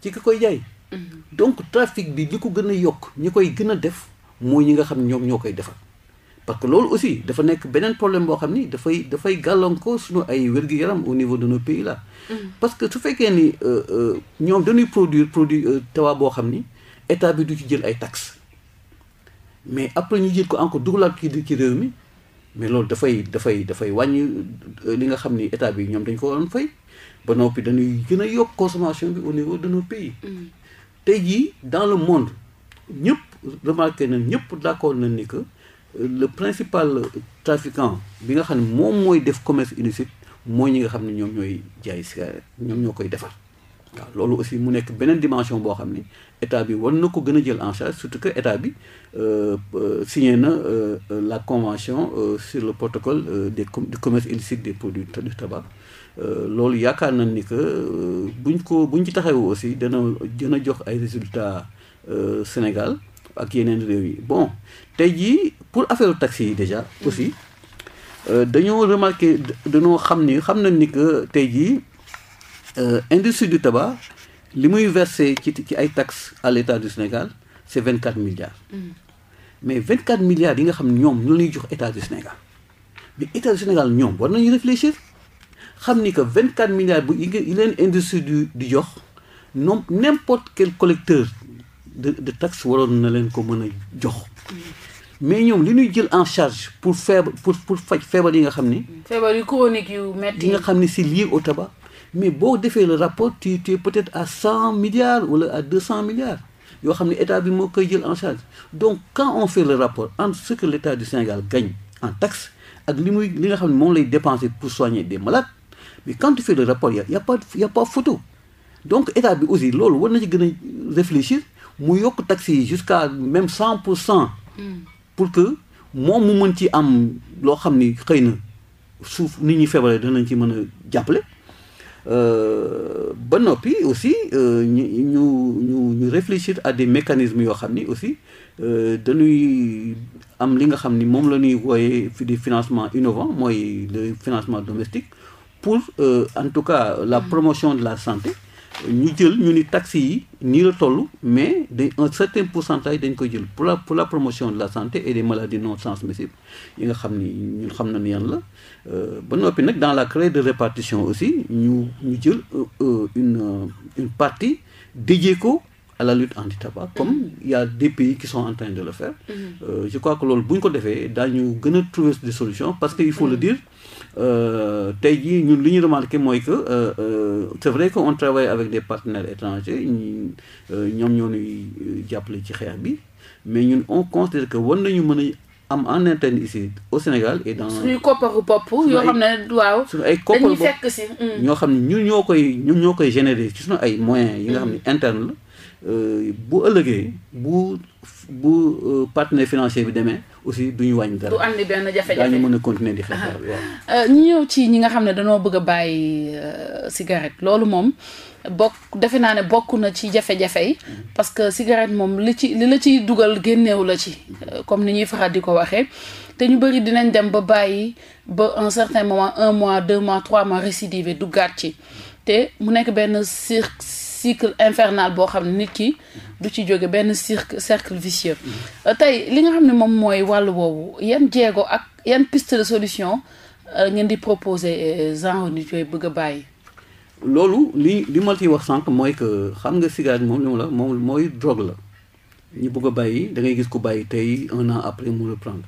ci ki koy jaay. Mm-hmm. donc trafic bi li ko gën a yokk ñu koy gën a def. mooy ñi nga xam ñoom ñoo koy defar parce que loolu aussi dafa nekk beneen problème boo xam ni dafay dafay gàllankoor suñu ay wér-gu-yaram au niveau de nos pays là. Mm-hmm. parce que su fekkee ni euh, euh, ñoom dañuy produire produit euh, tawa boo xam ni état bi du ci jël ay taxes mais après ñu jël ko encore dugalaat di ci réew mi mais loolu dafay dafay dafay wàññi li nga xam ni état bi ñoom dañ ko waroon fay ba noppi dañuy gën a yokk consommation bi au niveau de nos pays. Mm-hmm. tey jii dans le monde ñëpp. remarqué na ñëpp d' accord nañ ni que euh, le principal trafiquant bi nga xam ne moom mooy def commerce illicite mooy ñi nga xam ne ñoom ñooy jaay cigarette ñoom ñoo koy defar waaw loolu aussi mu nekk beneen dimension boo xam ne état bi war na ko gën a jël en charge surtout que état bi euh, euh, signé na la convention sur le protocole des du commerce illicite des produits du tabac loolu yaakaar nañ ni que buñ ko buñ ci taxawee aussi dana dana jox ay résultats Sénégal ak yeneen réew yi bon tey jii pour affaire taxi yi déjà aussi euh, dañoo remarqué danoo xam ni xam nañ ni que tey jii euh, industrie du tabac li muy versé ci ci ay taxes à l'État du Sénégal c'est vingt quatre milliards mm. mais vingt quatre milliards yi nga xam ñoom ñoo ñuy jox État du Sénégal mais État du Sénégal ñoom war nañu réfléchir xam ni que vingt quatre milliards bu yi leen industrie du di jox ñoom n'importe quel collecteur de de taxe waroon na leen ko mën a jox mais ñoom li nuy jël en charge pour feebar pour pour faj feebar yi nga xam ni. feebar yu chronique yu metti yi nga xam ni si lié au tabac mais boo defee le rapport tu tu es peut-être à cent milliards wala à deux cent milliards yoo xam ne état bi moo koy jël en charge donc quand on fait le rapport entre ce que l'état du Sénégal gagne en taxe ak li muy li nga xam ne moom lay dépenser pour soigner des malades mais quand tu fais le rapport donc état bi aussi loolu war na ci gën a réfléchir. mu yokk taxes yi jusqu'à même cent pour cent hmm. pour que moom mu mën ci am loo xam ni xëy na suuf nit ñi feebare danañ ci mën a jàppale euh, ba noppi aussi euh, ñu ñu ñu ñu réfléchir à des mécanismes yoo xam ni aussi euh, dañuy am li nga xam ni moom la ñuy wooyee fi di financement innovant mooy le financement domestique pour en tout cas la hmm. promotion de la santé ñu jël ñu ni taxes yi nii la toll mais dañ un certain pourcentage dañ koy jël pour la promotion de la santé et des maladies non transmissibles yi nga xam ni ñun xam nañu yan la euh, ba noppi nag dans la clé de répartition aussi ñu ñu jël euh, euh, une une partie dédiée ko à la lutte anti-tabac comme il des pays qui sont en train de le faire mm-hmm. je crois que loolu bu ñu ko defee daañu gën a trouver des solutions parce que il faut le mm-hmm. dire Euh, tey jii ñun li ñu remarqué mooy que euh, euh, c'est vrai que on travaille avec des partenaires étrangers ñoom ñoo ñuy jàppale ci xeex bi mais ñun on considère que war nañu mën a am en interne ici au Sénégal et dans. suñu kopparu bopp yoo xam ne waaw. suñu ay kopparu bopp mm. ñoo xam ne ñu ñoo koy ñun ñoo koy générer ci suñu ay moyens yi nga xam ne mm. interne la bu ëllëgee bu bu partenaire financier bi demee. aussi duñu wàññi dara. du andi benn jafe-jafe daañu mën a continuer di euh, ñu ñëw ci ñi nga xam ne danoo bëgg a bàyyi euh, cigarette loolu moom bokk defe naa ne bokk na ci jafe-jafe mhm. parce que cigarette moom li ci li la ciy dugal génneewu la ci. Euh, comme ni ñuy faral di ko waxee. te ñu bëri dinañ dem ba bàyyi ba un certain mois un mois deux mois trois mois récidivé duggaat ci te mu nekk benn cirque. cycle infernal boo xam ne nit ki du ci jóge benn cercle cercle vicieux euh, tey li nga xam ne moom mooy wàll woowu yan jéego ak yan piste de solution euh, ngeen di proposer euh, genre nit yooyu bëgg a bàyyi. loolu li li ma ciy wax sànq mooy que xam nga cigarette moom li ma la moom mooy drogue la ñu bëgg a bàyyi da ngay gis ko bàyyi tey un an après mu reprendre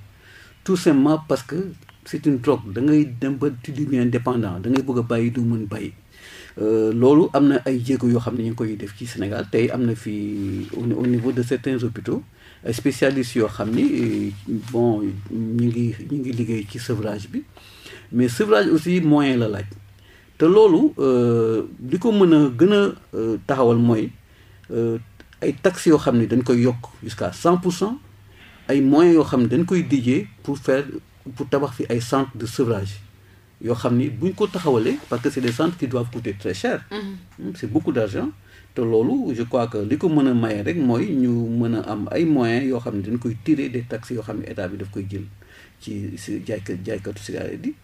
tout simplement parce que c'est une drogue dangay dem ba tu deviens dépendant da ngay bëgg a bàyyi du mën bàyyi. Euh, loolu am na ay jéego yoo xam ne ñu ngi koy def ci Sénégal tey am na fii au niveau de certains hôpitaux ay spécialistes yoo xam ni euh, bon ñu ngi ñu ngi liggéey ci sevrage bi mais sevrage aussi moyen la laaj te loolu euh, li ko mën a gën a taxawal mooy ay taxes yoo xam ne dañ koy yokk jusqu'à cent pour cent ay moyens yoo xam ne dañ koy dijee pour faire pour tabax fi ay centre de sevrage yoo xam ni buñ ko taxawalee parce que c' est des centres qui doivent coûter très cher. Mmh. c' est beaucoup d' te loolu je crois que li ko mën a maye rek mooy ñu mën a am ay moyens yoo xam ne dañ koy tirer des tax yoo xam ne état bi daf koy jël ci si jaaykat jaaykatu cigarette yi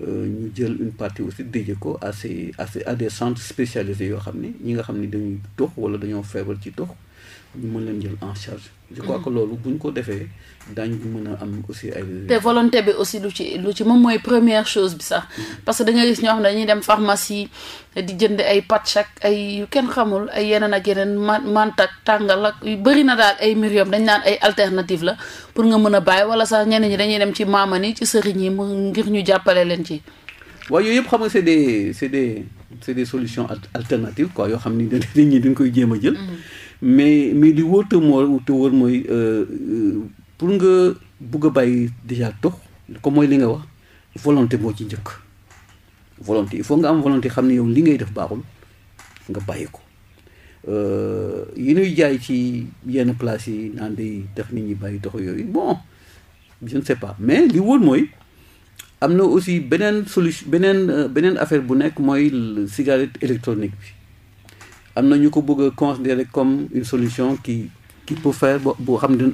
euh, ñu jël une partie aussi dédié ko à ces à ces à yoo xam ne ñi nga xam ni dañuy tox wala dañoo feebar ci tox. ñu mën jël en charge. je crois que loolu bu ñu ko defee daañu mën a am aussi ay. te volonté bi aussi lu ci lu ci moom mooy première chose bi sax parce que da gis ñoo xam ne dañuy dem pharmacie di jënd ay patch ak ay kenn xamul ay yeneen ak yeneen mantak tàngal ak yu bëri na daal ay mbir dañ naan ay alternative la pour nga mën a bàyyi wala sax ñenn ñi dañuy dem ci maamani ci sëriñ yi ngir ñu jàppale leen ci. waaye yooyu yëpp xam nga c'est de c'est de c'est des solutions alternatives quoi yoo xam ni dañuy dañ koy jéem a jël. Mm-hmm. mais mais li wóor te moo te wóor mooy euh, euh, pour nga bugg a bàyyi déjà tux comme mooy li nga wax volonté moo ci njëkk volonté il faut nga am volonté xam ne yow li ngay def baaxul nga bàyyi ko euh, yi ñuy jaay ci yenn place yi naan day tax nit ñi bàyyi tox yooyu bon je ne sais pas mais li wóor mooy am na aussi beneen solution beneen beneen affaire bu nekk mooy cigarette électronique bi am na ñu ko bëgg a considérer comme une solution qui qui peut faire boo xam ne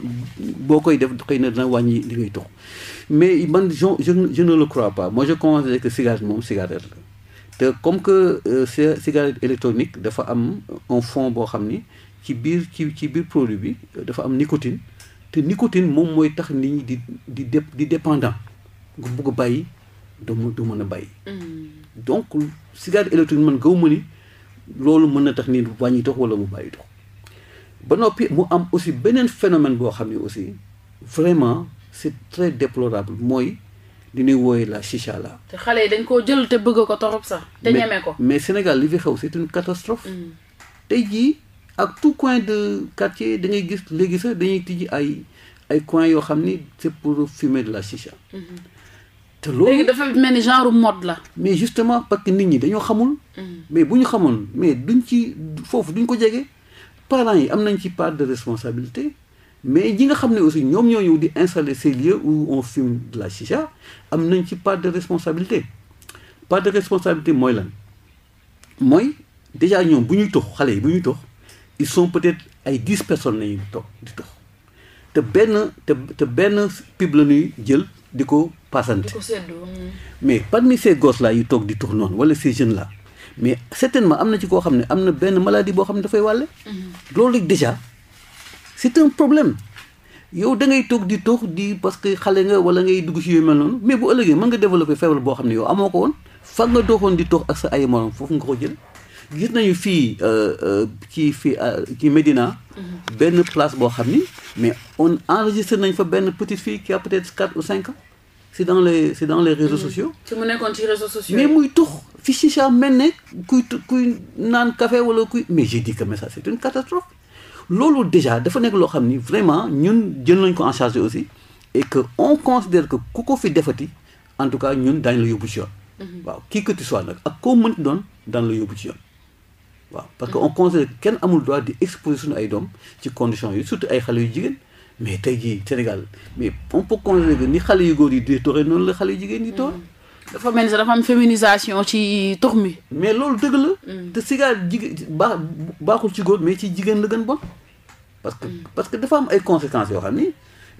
boo koy def xëy na dina wàññi li ngay tux mais man je je ne le crois pas moi je considère que cigarette moom cigarette la te comme que euh, cigarette électronique dafa am un fond boo xam ni ci biir ci ci biir produit bi dafa am nicotine te nicotine moom mooy tax nit ñi di di dé di dépendant nga bugg a bàyyi doo mën a bàyyi mm. donc cigarette électronique man gaw ma ni loolu mën na tax nit wàññi tox wala mu bàyyi ba noppi mu am aussi beneen phénomène boo xam ne aussi vraiment c'est très déplorable mooy li ñuy wooye la chicha la. te xale yi dañ koo jël te bëgg ko torop sax. te ñeme ko mais Sénégal li fi xew c'est une catastrophe. Mm. tey jii ak tout coin de quartier da gis léegi sax dañuy tijji ay ay coin yoo xam ni c'est pour fumer de la chicha. Mm-hmm. loolu léegi dafa mel ni genre mode la. mais justement parce que nit ñi dañoo xamul. Mm. mais bu ñu xamoon mais duñ ci foofu duñ ko jege parents yi am nañ ci part de responsabilité. mais ñi nga xam ne aussi ñoom ñoo ñëw di installer ces lieux où on fume de la chicha am nañ ci part de responsabilité part de responsabilité mooy lan mooy déjà ñoom bu ñuy tox xale yi bu ñuy tox il sont peut-être ay dix personnes nañu toog di tox te benn te te benn pipe la ñuy jël di ko passante mm. mais parmi ces gosses là yu toog di tux noonu wala ces jeunes là mais certainement am na ci koo xam ne am na benn maladie boo xam ne dafay wàlle mm-hmm. loolu déjà c'est un problème yow da ngay toog di toog di parce que xale nga wala ngay dugg ci yu mel noonu mais bu ëllëgee mën nga développer feebar boo xam ne yow amoo ko woon fa nga doxoon di toog ak sa ay morom foofu nga ko jël gis nañu fii ci euh, euh, fii ci euh, Médina mm-hmm. benn place boo xam ni mais on enregistré nañ fa benn petite fille qui a peut cinq c' est dans les c' est dans les réseaux mm. sociaux. ci mu nekkoon ci réseaux sociaux mais muy tux fi chicha mel ne kuy kuy naan café wala kuy mais j'ai dit que mais ça une catastrophe. loolu déjà dafa nekk loo xam ni vraiment ñun jël nañ ko en charge aussi et que on considère que ku ko fi defati en tout cas ñun daañu la yóbbu ci yoon. Mm-hmm. waaw qui que tu sois nag ak koo mënti doon daañu la yóbbu ci yoon. waaw parce que mm-hmm. on considère kenn amul droit di exposition ay doom ci condition yi surtout ay xale yu jigéen. mais tey jii Sénégal mais on peut considérer que ni xale yu góor yi di toxee noonu la xale yu jigéen ñi toor dafa mel ni sax dafa am féminisation ci tox mi. mais loolu dëgg la. Mm. te sigaar jigéen baaxul ci góor mais ci jigéen la gën bon. parce que mm. parce que dafa am ay conséquences yoo xam ni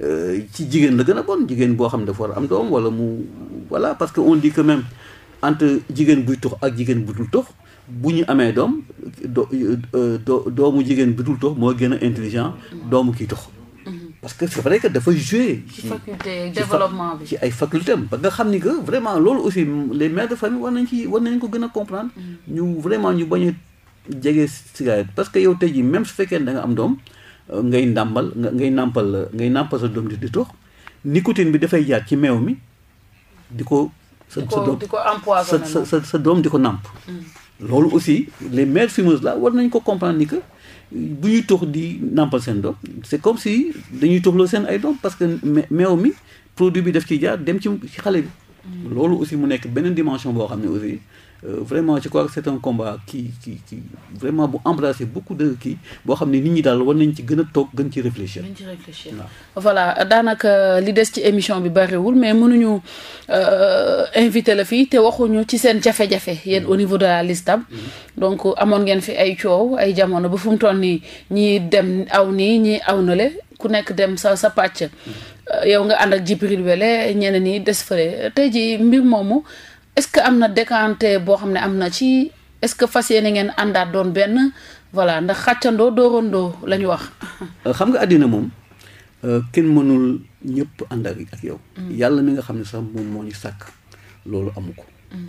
euh, ci jigéen la gën a bon jigéen boo xam ne dafa war am doom wala mu voilà parce que on dit que même entre jigéen buy tux ak jigéen bu dul tox bu ñu amee doom doo euh, doomu jigéen bu dul tux moo gën a intelligent mm. doomu kii tox parce que c' est vrai que dafa joué. ci faculté bi nga xam ni que vraiment loolu aussi les mères de famille war nañ ko gën a comprendre. Mm. ñu vraiment ñu bañ jege cigarette parce que yow tey jii même su fekkee ne da nga am doom euh, ngay ndàmbal ngay nàmpal euh, ngay nàmpal sa doom di di tox nicotine bi dafay jaar ci meew mi di ko. sa sa doom sa sa sa doom di ko nàmp. Mm. loolu aussi les mères fumeuses là war nañ ko comprendre ni que. bu ñuy tox di nàmpal seen doom c'est comme si dañuy toxloo seen ay doom parce que meew mi produit bi daf ciy jaar dem ci xale bi. Mm. loolu aussi mu nekk beneen dimension boo xam ne aussi Euh, vraiment je crois que c' est un combat qui qui qui vraiment bu embrasser beaucoup de kii boo xam ne nit ñi daal war nañ ci gën a toog gën ci réfléchir. gën ci réfléchir voilà daanaka li des ci émission bi bariwul mais mënuñu euh, invité la fii te waxuñu ci seen jafe-jafe yéen au niveau de la LISTAB. Mm-hmm. donc amoon ngeen fi ay coow ay jamono ba fu mu toll nii ñii dem aw nii ñii aw na le ku nekk dem sa sa pàcc. Mm-hmm. Euh, yow nga ànd ak Djibril Wele ñeneen ñi des fële tey ji mbir moomu. est-ce que am na décanter boo xam ne am na ci est-ce que fas yéene ngeen àndaat doon benn voilà ndax xàccandoo doo la ñu wax. Euh, xam nga àddina moom euh, kenn mënul ñëpp ànd ak yow. Mm. yàlla mi nga xam ne sax moom moo ñu sàkk loolu amu ko. Mm.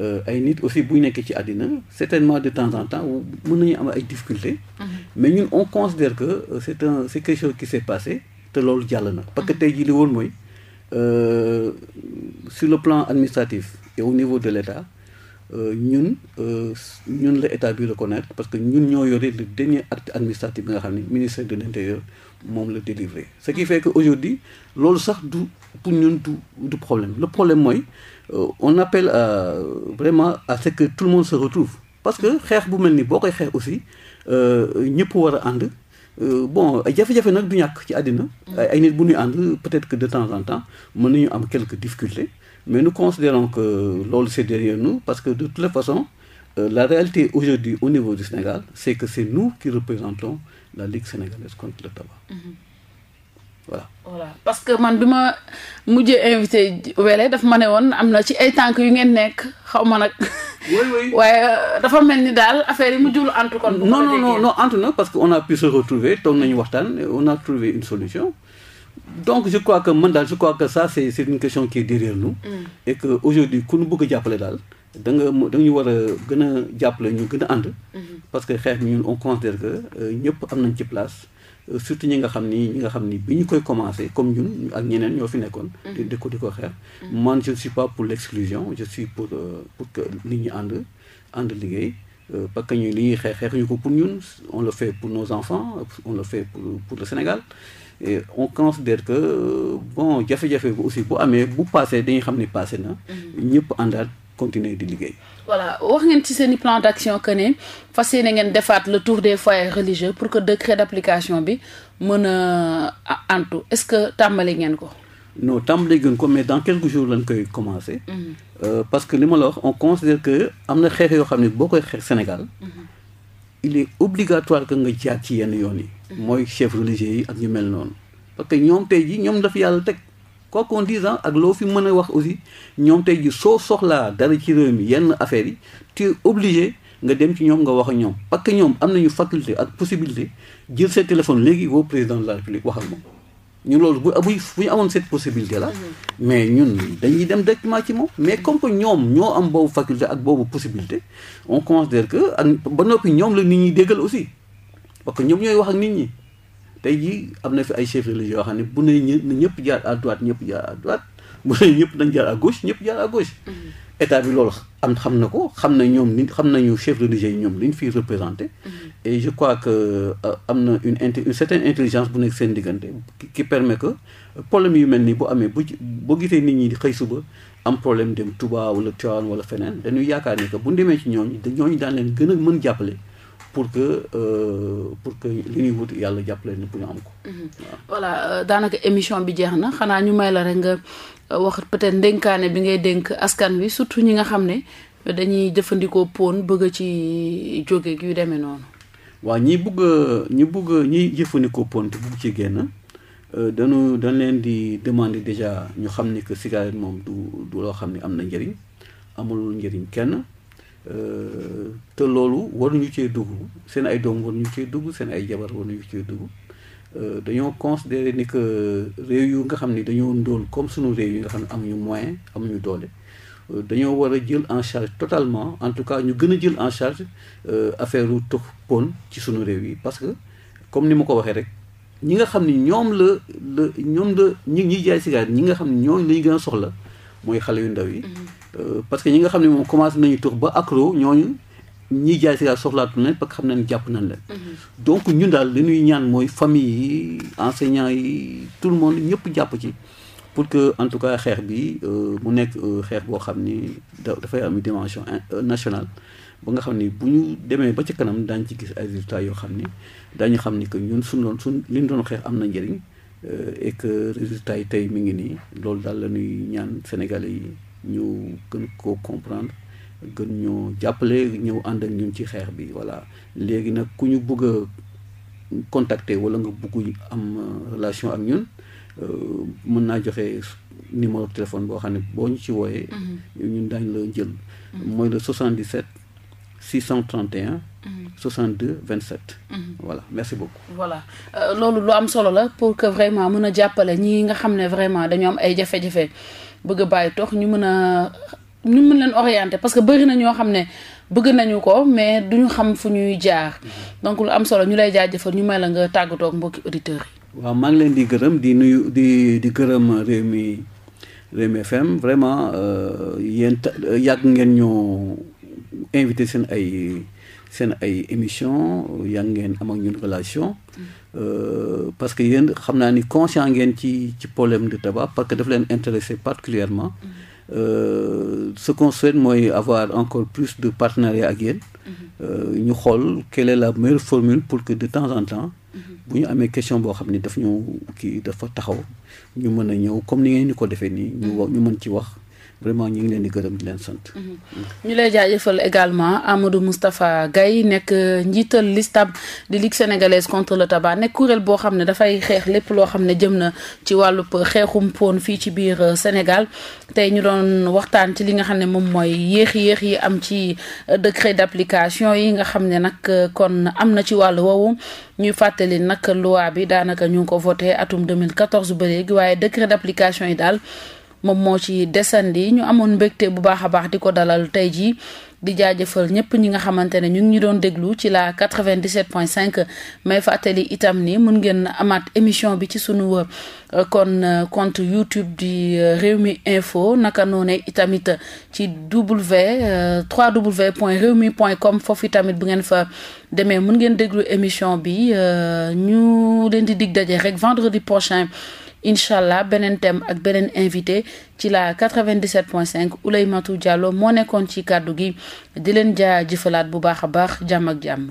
Euh, ay nit aussi bu ñu nekkee ci àddina certainement de temps en temps mën nañu am ay difficultés. Mm-hmm. mais ñun on considère que c'est un c'est quelque chose qui s'est passé te loolu jàll na. parce que mm-hmm. tey jii li woon mooy. euh, sur le plan administratif et au niveau de l'État euh, ñun euh, ñun la état bi reconnaître parce que ñun ñoo yore le dernier acte administratif bi nga xam ne ministère de l'intérieur moom la délivré ce qui fait que aujourd'hui loolu sax du pour ñun du du problème le problème mooy euh, on appelle à vraiment à ce que tout le monde se retrouve parce que xeex bu mel ni boo koy xeex aussi ñëpp war a ànd Euh, bon ay jafe-jafe nag du ñàkk ci àddina ay nit bu ñuy ànd peut que de temps en temps mën nañu am quelques difficultés mais nous considérons que loolu c'est derrière nous parce que de toutes les façons euh, la réalité aujourd'hui au niveau du Sénégal c'est que c'est nous qui représentons la Ligue sénégalaise contre le tabac mhm. parce que man bi ma mujjee invité wele daf ma ne woon am na ci ay tànk yu ngeen nekk xaw ma nag <laughs> waaye euh, dafa mel ni daal affaire yi mu jul antu kon. non non non non antu na parce que on a pu se retrouver toog nañu waxtaan on a trouvé une solution. donc je crois que man daal je crois que ça c' est c' est une question qui derrière nous. Mm. et que aujourd'hui ku ñu jàppale daal da nga da nga ñu war a gën a jàppale ñu gën a ànd. Mm-hmm. parce que xeex ñu on considère que euh, ñëpp am nañ ci place. surtout ñi nga xam ni ñi nga xam ni bi ñu koy commencé comme ñun ak ñeneen ñoo fi nekkoon. Mm-hmm. di di ko di ko xeex. Mm-hmm. man je suis pas pour l' exclusion je suis pour euh, nit ñi ànd ànd liggéey euh, parce que ñu li ñuy xeex xeexuñu ko pour ñun on le fait pour nos enfants on le fait pour pour le Sénégal. on considère que euh, bon jafe-jafe bi aussi bu amee bu passé dañu xam ni passé na. Mm-hmm. ñëpp àndaat continuer di liggéey. voilà wax ngeen ci seen i plan d'action que ne fas yéene ngeen defaat le tour des foyers religieux pour que décret d'application bi mën a antu est-ce que tàmbali ngeen ko. non tàmbali gën ko mais dans quelques jours lañ koy commencer. Mm-hmm. Euh, parce que li ma la wax on considère que am na xeex yoo xam ne boo koy xeex Sénégal. Mm-hmm. il est obligatoire que nga jaar ci yenn yoon yi. Mm-hmm. mooy chef religieux yi ak ñu mel noonu. parce que ñoom tey jii ñoom dafa yàlla teg. quoi qu'on dise ak loo fi mën a wax aussi ñoom tey ji soo soxlaa dara ci réew mi yenn affaires yi tu obligé nga dem ci ñoom nga wax ak ñoom parce que ñoom am nañu faculté ak possibilité jël seen téléphone léegi woo président de la république wax ak moom ñu loolu bu bu ñu amoon cette possibilité la mhm. mais ñun dañuy dem directement ci moom mais comme que ñoom ñoo am boobu faculté ak boobu possibilité on considère que ak ba noppi ñoom la nit ñi déggal aussi parce que ñoom ñooy wax nit ñi tey jii am na fi ay chefs religieux yoo xam ne bu ne ñëpp jaar à droite ñëpp jaar a droite bu ñëpp nañ jaar à gauche ñëpp jaar à mm-hmm. état bi loolu am xam na ko xam na ñoom nit xam nañu chef religieux yi ñoom li ñu fii représenté. Mm-hmm. et je crois que euh, am na une inti une certaine intelligence bu nekk seen diggante qui permet que problème yu mel nii bu amee bu boo gisee nit ñi di xëy suba am problème dem Touba wala Tivaouane wala feneen dañuy yaakaar ni que bu ñu demee ci ñooñu ñooñu daan leen gën a mën jàppale. pour que euh, pour que li ñuy wut yàlla jàppale ni pour ñu am ko. Mhm. voilà euh, daanaka émission bi jeex na xanaa ñu may la rek nga euh, wax peut-être ndénkaane bi ngay dénk askan wi surtout ñi nga xam ne dañuy jëfandikoo pon bëgg ci jóge yu demee noonu. waaw ñi bugg a bugg a jëfandikoo pon te bugg génn. dañu dañ leen di demander déjà ñu xam ne que cigarette moom du loo xam ne am na njëriñ amul njëriñ kenn. Euh, te loolu waruñu cee dugg seen ay doom waruñu cee dugg seen ay jabar waruñu cee dugg euh, dañoo considérer ni que réew yu nga xam ni dañoo ndóol comme suñu réew yi nga xam ne amuñu moyen amuñu doole euh, dañoo war a jël en charge totalement en tout cas ñu gën a jël en charge affaire u tux pon ci suñu réew yi parce que comme ni ma ko waxee rek ñi nga xam ni ñoom la ñoom la ñi ñiy jaay sigaar ñi nga xam ne ñooñu lañu gën a soxla mooy xale yu ndaw yi mm-hmm. Euh, parce que ñi nga xam ne moom commencé nañu tux ba accro ñooñu ñiy jaay si soxlaatu nañ parce que xam nañ jàpp nañ leen. Mhm. donc ñun daal li ñuy ñaan mooy famille yi enseignants yi tout le monde ñëpp jàpp ci. pour que en tout cas xeex bi euh, mu nekk euh, xeex boo xam ni dafay am dimension nationale ba nga xam ni bu ñu demee ba ci kanam daañu ci gis ay résultats yoo xam ni daañu xam ni que ñun suñ doon suñ li ñu doon xeex am na njëriñ et que résultats yi tey mi ngi nii loolu daal la ñaan Sénégalais yi. ñu gën koo comprendre gën ñoo jàppale ñëw ànd ak ñun ci xeex bi voilà léegi nag ku ñu bëgg a contacter wala nga bëgg am euh, relation ak ñun euh, mën naa joxe numéro téléphone boo xam ne boo ñu ci wooyee. Mhm. ñun daañ la jël. Mhm. mooy le 77 631. 62 27. voilà merci beaucoup. voilà euh, loolu lu am solo la pour que vraiment mën a jàppale ñi nga xam ne vraiment dañu am ay jafe-jafe. bëgg bàyyi tox ñu mën a ñu mën leen orienter parce que bëri na ñoo xam ne bëgg nañu ko mais du ñu xam fu ñuy jaar mhm. donc lu am solo ñu lay jaajëfal ñu may la nga tàggatoo ak mbokki auditeurs yi. waaw maa leen di gërëm di nuyu di di gërëm Rewmi mi FM vraiment euh, yéen yàgg ngeen ñoo invité seen ay. seen ay émission euh, yaa ngeen am ak ñun relation euh, parce que yéen xam naa ni conscient ngeen ci ci problème de tabac parce que daf leen intéressé particulièrement euh, ce qu'on mooy avoir encore plus de partenariat ak yéen ñu xool quelle est la meilleure formule pour que de temps en temps bu ñu amee question boo xam ne daf ñu kii dafa taxaw ñu mën a ñëw comme ni ngeen ko defee nii ñu ñu ci wax vraiment ñu ngi leen di gërëm di leen sant. Mhm. ñu lay jaajëfal également Amadou Moustapha Gaye nekk euh, njiital listab di Ligue sénégalaise contre le tabac nekk kuréel boo xam ne dafay xeex lépp loo xam ne jëm na ci wàllu xeexum poon fii ci biir euh, Sénégal tey ñu doon waxtaan ci li nga xam ne moom mooy yéex yéex yi am ci euh, décret d'application yi nga xam ne nag kon am na ci wàll woowu ñuy fàttali nag loi bi daanaka ñu ngi ko voté atum 2014 ba léegi waaye décret d'application yi daal. moom moo ci desandi ñu amoon mbégte bu baax a baax di ko dalal tey jii di jaajëfal ñëpp ñi nga xamante ne ñu ngi ñu doon déglu ci la 97.5 may fàttali itam ni mun ngeen amaat émission bi ci sunu euh, kon euh, compte YouTube di euh, réew mi Info naka noone itamit ci w www point réew mi point comme foofu itamit bu ngeen fa demee mun ngeen déglu émission bi ñu leen di dig daje rek vendredi prochain. incha allah beneen thème ak beneen invité ci la 97.5 matu Diallo moo nekkoon ci kàddu gi di leen jaajëfalaat bu baax a baax jàmm ak jàmm.